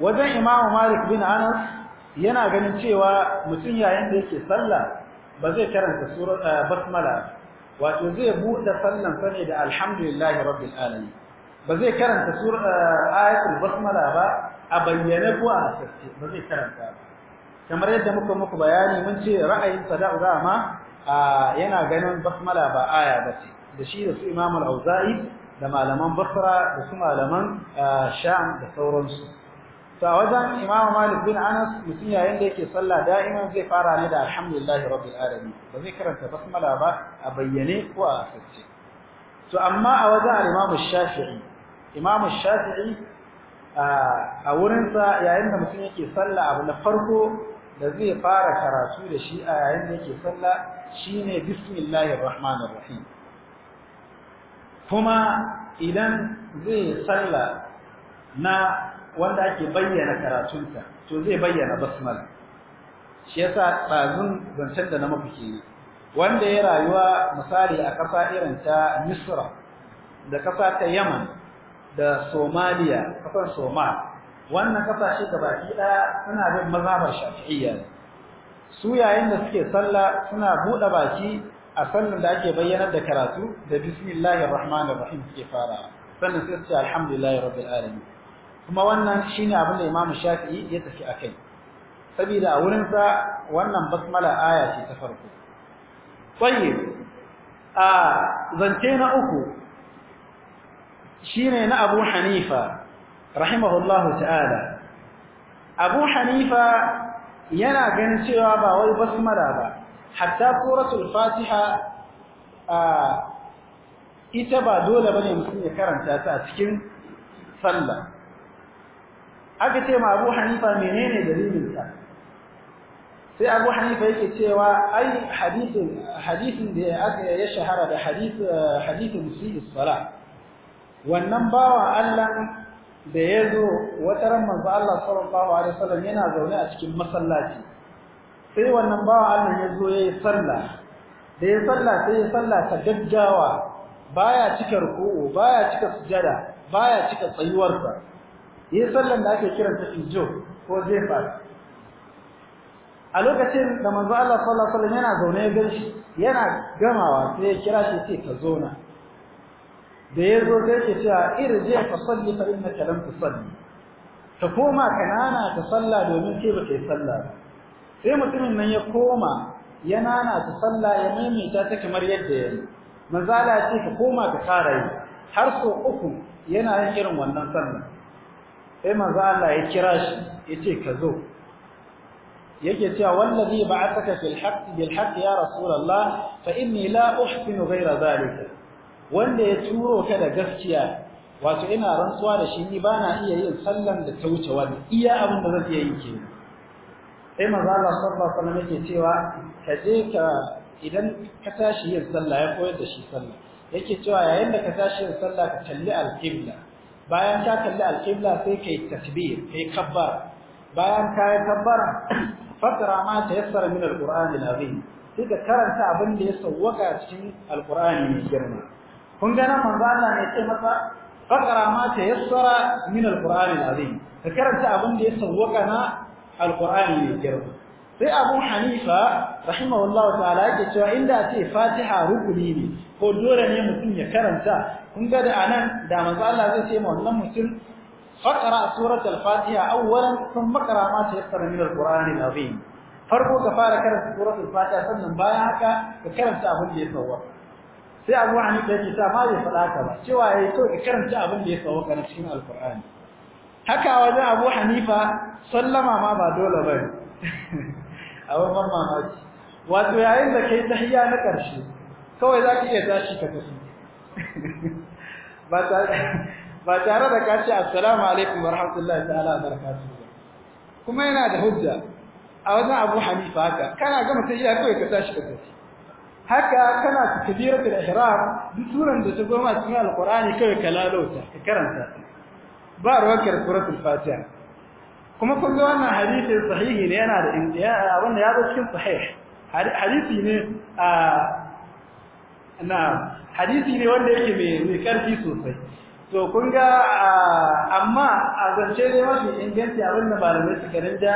wajen Imam Malik bin Anas yana ganin cewa mutum yayin da yake sallah ba zai karanta surar eh, basmala wato zai buɗe sallan sa ne da alhamdulillahi rabbil alamin ba zai karanta surar eh, ayatul basmala ba a bayyane ko
a asirce ba zai karanta ba
kamar yadda muka muku bayani mun ce ra'ayin sada'u dama yana ganin basmala ba aya ba ce da shi da su imamul auza'i da malaman basra da su malaman eh, sham da sauransu to a wajen Imam Malik bin Anas mutum yayin da yake sallah daima zai fara ne da alhamdulillahi rabbil alamin ba zai karanta basmala ba a bayyane ko a asirce to amma a wajen Imam Shafi'i Imam Shafi'i a wurin sa yayin da mutum yake sallah abu na farko da zai fara karatu da shi a yayin da yake sallah shine bismillahir rahmanir rahim kuma idan zai sallah na wanda ake bayyana karatunta to zai bayyana basmala shi yasa ɗazun zancen da na mafi ke yi wanda ya rayuwa misali a ƙasa irin ta misra da ƙasa ta yaman da somaliya ƙasar somal wannan ƙasashe da baki ɗaya suna bin mazhabar shafi'iyya su yayin da suke sallah suna buɗe baki a sallan da ake bayyanar da karatu da bismillahir rahmanir rahim suke fara sannan sai su ce alhamdulillahi rabbil alamin kuma wannan shine abin da Imam Shafi'i ya tafi a kai saboda a wurin wannan basmala aya ce ta farko tayyib a zance na uku shine na Abu Hanifa rahimahullahu ta'ala Abu Hanifa yana ganin cewa ba wai basmala ba hatta suratul Fatiha a ita ba dole bane mutum ya karanta ta a cikin sallah aka ce ma Abu Hanifa menene dalilin sa sai Abu Hanifa yake cewa ai hadisin hadisin da aka ya shahara da hadis hadisin musii salat wannan bawa Allah da yazo wata ran manzo Allah sallallahu alaihi wasallam yana zaune a cikin masallaci sai wannan bawa Allah yazo yayi sallah da ya sallah sai ya sallah ta gaggawa baya cika ruku'u baya cika sujada baya cika tsayuwarsa yi sallan da ake kiranta ijo ko zefa a lokacin da manzo Allah sallallahu alaihi yana zaune ya gaishe yana gamawa sai ya kira shi sai ka zo na da ya zo sai ya ce a irje ka salli fa innaka lam tusalli ka koma kanana ta salla domin ke ba salla sai mutumin nan ya koma ya na ta salla ya nemi ta kamar yadda ya manzo Allah ya ka koma ka fara yi har so uku yana yin irin wannan sallah sai manzo Allah ya kira shi yace ka zo yake cewa wallazi ba'athaka fil haqqi bil haqqi ya rasulullah fa inni la uhsinu ghayra zalika wanda ya turo ka da gaskiya wato ina rantsuwa da shi ni bana iya yin sallan da ta wuce wannan iya abin da zan yi kenan sai manzo Allah sallallahu alaihi wasallam yake cewa ka je ka idan ka tashi yin sallah ya koyar da shi sallah yake cewa yayin da ka tashi yin sallah ka kalli al bayan ta kalli alƙibla sai kai takbir kai kabbar bayan ka yi kabbar fatra ma tayassara min alqur'ani alazim sai ka karanta abin da ya sawwaka cikin alqur'ani mai girma kun ga nan manzo Allah ne ce masa fatra ma tayassara min alqur'ani alazim ka karanta abin da ya sawwaka na alqur'ani mai girma sai Abu Hanifa rahimahullahu ta'ala yake cewa inda ce Fatiha rukuni ne ko dole ne mutum ya karanta kun ga da anan da manzo Allah zai ce ma wannan mutum faqra surat al-fatiha awwalan thumma qra ma tayassara min al-qur'an al-azim farko ka fara karanta surat al-fatiha sannan bayan haka ka karanta abin da ya sauwa sai Abu Hanifa ya ce ta ma bai faɗa ka ba cewa yayi to ka karanta abin da ya sauwa kana cikin al-qur'ani haka wajen Abu Hanifa sallama ma ba dole bane abin mamaki wato yayin da kai tahiyya na ƙarshe kawai za ka iya tashi ka tafi ba tare da kashi ce assalamu alaikum wa rahmatullahi ta'ala wa barakatuhu kuma yana da hujja a wajen abu hanifa haka kana gama sai iya kawai ka tashi ka tafi haka kana da ihram duk suran da ta goma cikin alqur'ani kai ka lalauta ka karanta ba ruwan suratul fatiha kuma kun ga wannan hadisi sahihi ne yana da abin da ya zo cikin sahih hadisi ne a ah, na hadisi ne wanda yake mai karfi sosai to kun ga amma a zance ne mafi inganci abin da malamai suka rinja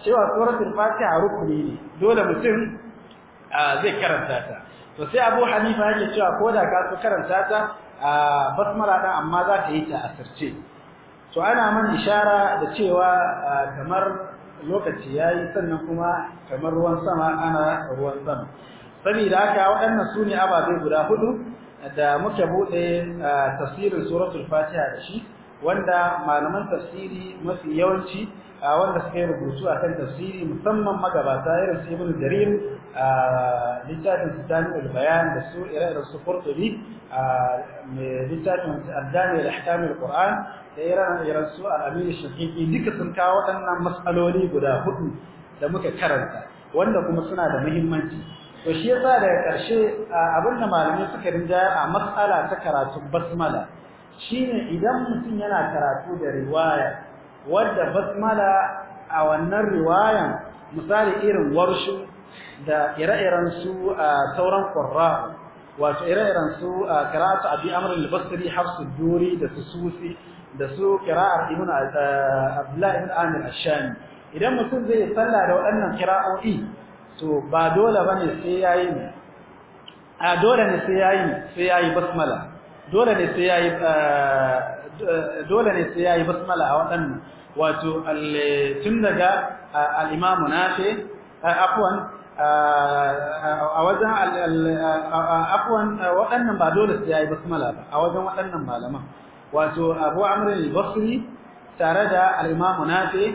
cewa suratul fatiha rukuni ne dole mutum zai karanta ta to sai abu hanifa yake cewa ko da ka so karanta ta a basmala dan amma za ta yi ta asirce to ana man ishara da cewa kamar lokaci yayi sannan kuma kamar ruwan sama ana ruwan sama saboda haka waɗannan su ne ababe guda hudu da muke buɗe tafsirin suratul fatiha da shi wanda malaman tafsiri mafi yawanci wanda suka yi rubutu akan tafsiri musamman magabata irin su ibnu jarir littafin sitaniul bayan da su ire-iren su qurtubi littafin addani da ahkamul qur'an da ire-iren su al-amir duka sun kawo waɗannan matsaloli guda hudu da muka karanta wanda kuma suna da muhimmanci to shi yasa daga ƙarshe abin da malamai suka rinja a matsala ta karatun basmala shine idan mutum yana karatu da riwaya wadda basmala a wannan riwayan misali irin warshu da ire-iren su a sauran qurra wato ire-iren su a qira'atu abi amr al-basri hafs duri da sususi da su qira'ar ibn abdullah ibn amir ash idan mutum zai salla da waɗannan qira'o'i to ba dole bane sai yayi a dole ne sai yayi sai yayi basmala dole ne sai yayi dole ne sai yayi basmala a wadannan wato tun daga al-imamu nafi afwan a wajen afwan wadannan ba dole sai yayi basmala ba a wajen wadannan malaman wato Abu Amr al-Basri tare da al-imamu nafi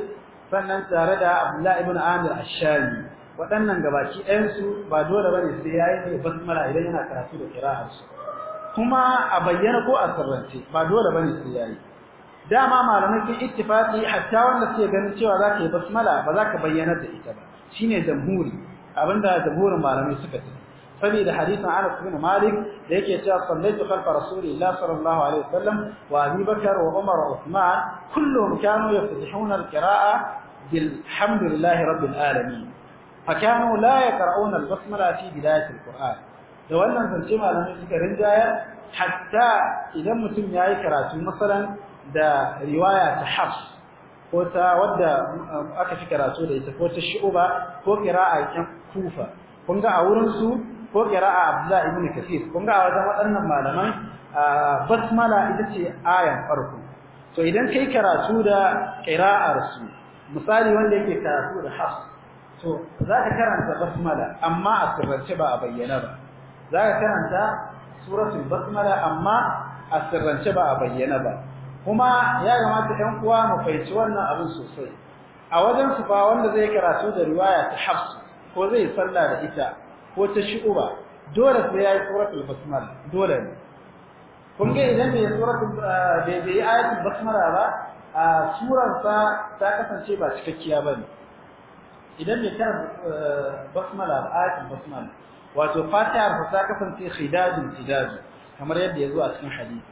sannan tare da Abdullah ibn Amir ash-Shami waɗannan gabaci ɗayansu ba dole bane sai yayi ne basmala idan yana karatu da qira'ar su kuma a bayyana ko a sirrance ba dole bane sai yayi dama malamai sun ittifaqi hatta wanda suke ganin cewa za ka yi basmala ba za ka bayyana da ita ba shine jamhuri abinda jamhurin malamai suka ce saboda hadisin Anas bin Malik da yake cewa sallaitu khalfa rasulillah sallallahu alaihi wasallam wa Abi Bakar wa Umar wa Uthman kulluhum kanu yafdihuna al-qira'a bilhamdulillahi rabbil alamin fakanu la yaqra'una al-basmala fi bidayat al da wannan zance malamai suka rinjayar hatta idan mutum yayi karatu masalan da riwaya ta Hafs ko ta wadda aka fi karatu da ita ko ta Shu'ba ko qira'a kan Kufa kun ga a wurin su ko qira'a Abdullah ibn Kathir kun ga a wajen waɗannan malaman basmala ita ce ayan farko to idan kai karatu da kiraarsu, misali wanda yake karatu da Hafs to za ka karanta basmala amma a sirrance ba a bayyana ba za ka karanta suratul basmala amma a sirrance ba a bayyana ba kuma ya kamata ɗan uwa mu fahimci wannan abin sosai a wajen su fa wanda zai karatu da riwaya ta hafsu ko zai sallah da ita ko ta shi'uba dole sai yayi suratul basmala dole ne kun ga idan bai suratul eh, bai bai ayatul basmala ba a surarsa ta kasance ba cikakkiya bane idan mai karanta eh, basmala ayatul basmala wato fatiha ba ta kasance khidajin tidaju kamar yadda ya zo a cikin hadisi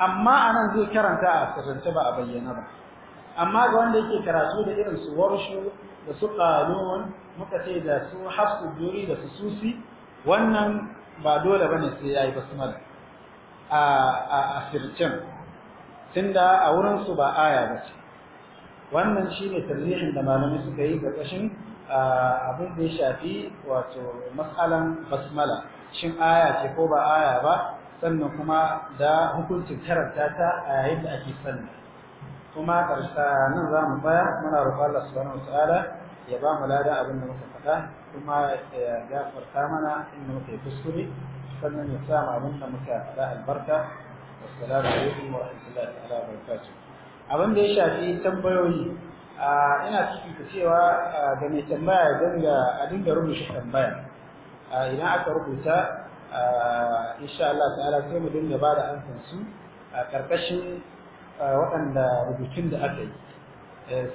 amma anan zai karanta a sirrance ba a bayyana ba amma ga wanda yake karatu da irin su warshu da su qalun muka ce da su hafsu Juri da su susi wannan ba dole bane sai yayi basmala a a sirrance tunda a wurin su ba aya bace wannan shine tarjihin da malamai suka yi ƙarƙashin abin da ya shafi wato matsalan basmala shin aya ce ko ba aya ba sannan kuma da hukuncin karanta ta a yayin da ake sallah kuma karsha nan za mu tsaya muna roƙon Allah subhanahu wataala ya ba mu lada abin da muka faɗa kuma ya gafarta mana in muka yi kuskure sannan ya sa mu abin da muka faɗa albarka wassalamu alaikum
wa rahmatullahi wa barakatuh
abin da ya shafi tambayoyi ina cikin cewa da mai tambaya ga a dinga rubuta tambaya idan aka rubuta insha Allah ta'ala sai mu dinga ba da amsar su a karkashin waɗanda rubutun da aka yi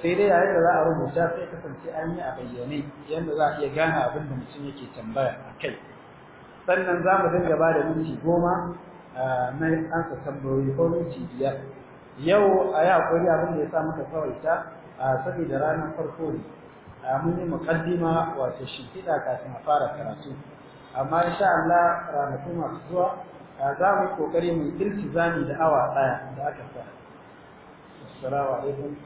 sai dai yayin da za a rubuta sai kasance an yi a bayyane yadda za a iya gane abin da mutum yake tambaya a kai sannan za mu dinga ba da minti goma na ansa tambayoyi ko minti biyar yau a yi akwai abin da ya sa muka tsawaita a saboda ranar farko ne a mun yi mukaddima wato shimfiɗa kafin a fara karatu amma sha Allah ranakun masu zuwa za mu kokari mu iltizami da awa ɗaya da aka sa
assalamu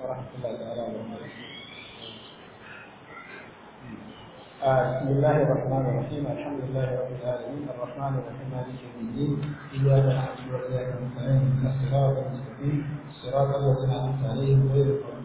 بسم الله الرحمن الرحيم الحمد لله رب العالمين الرحمن الرحيم مالك يوم الدين اياك نعبد واياك نستعين اهدنا الصراط المستقيم صراط الذين أنعمت عليهم غير المغضوب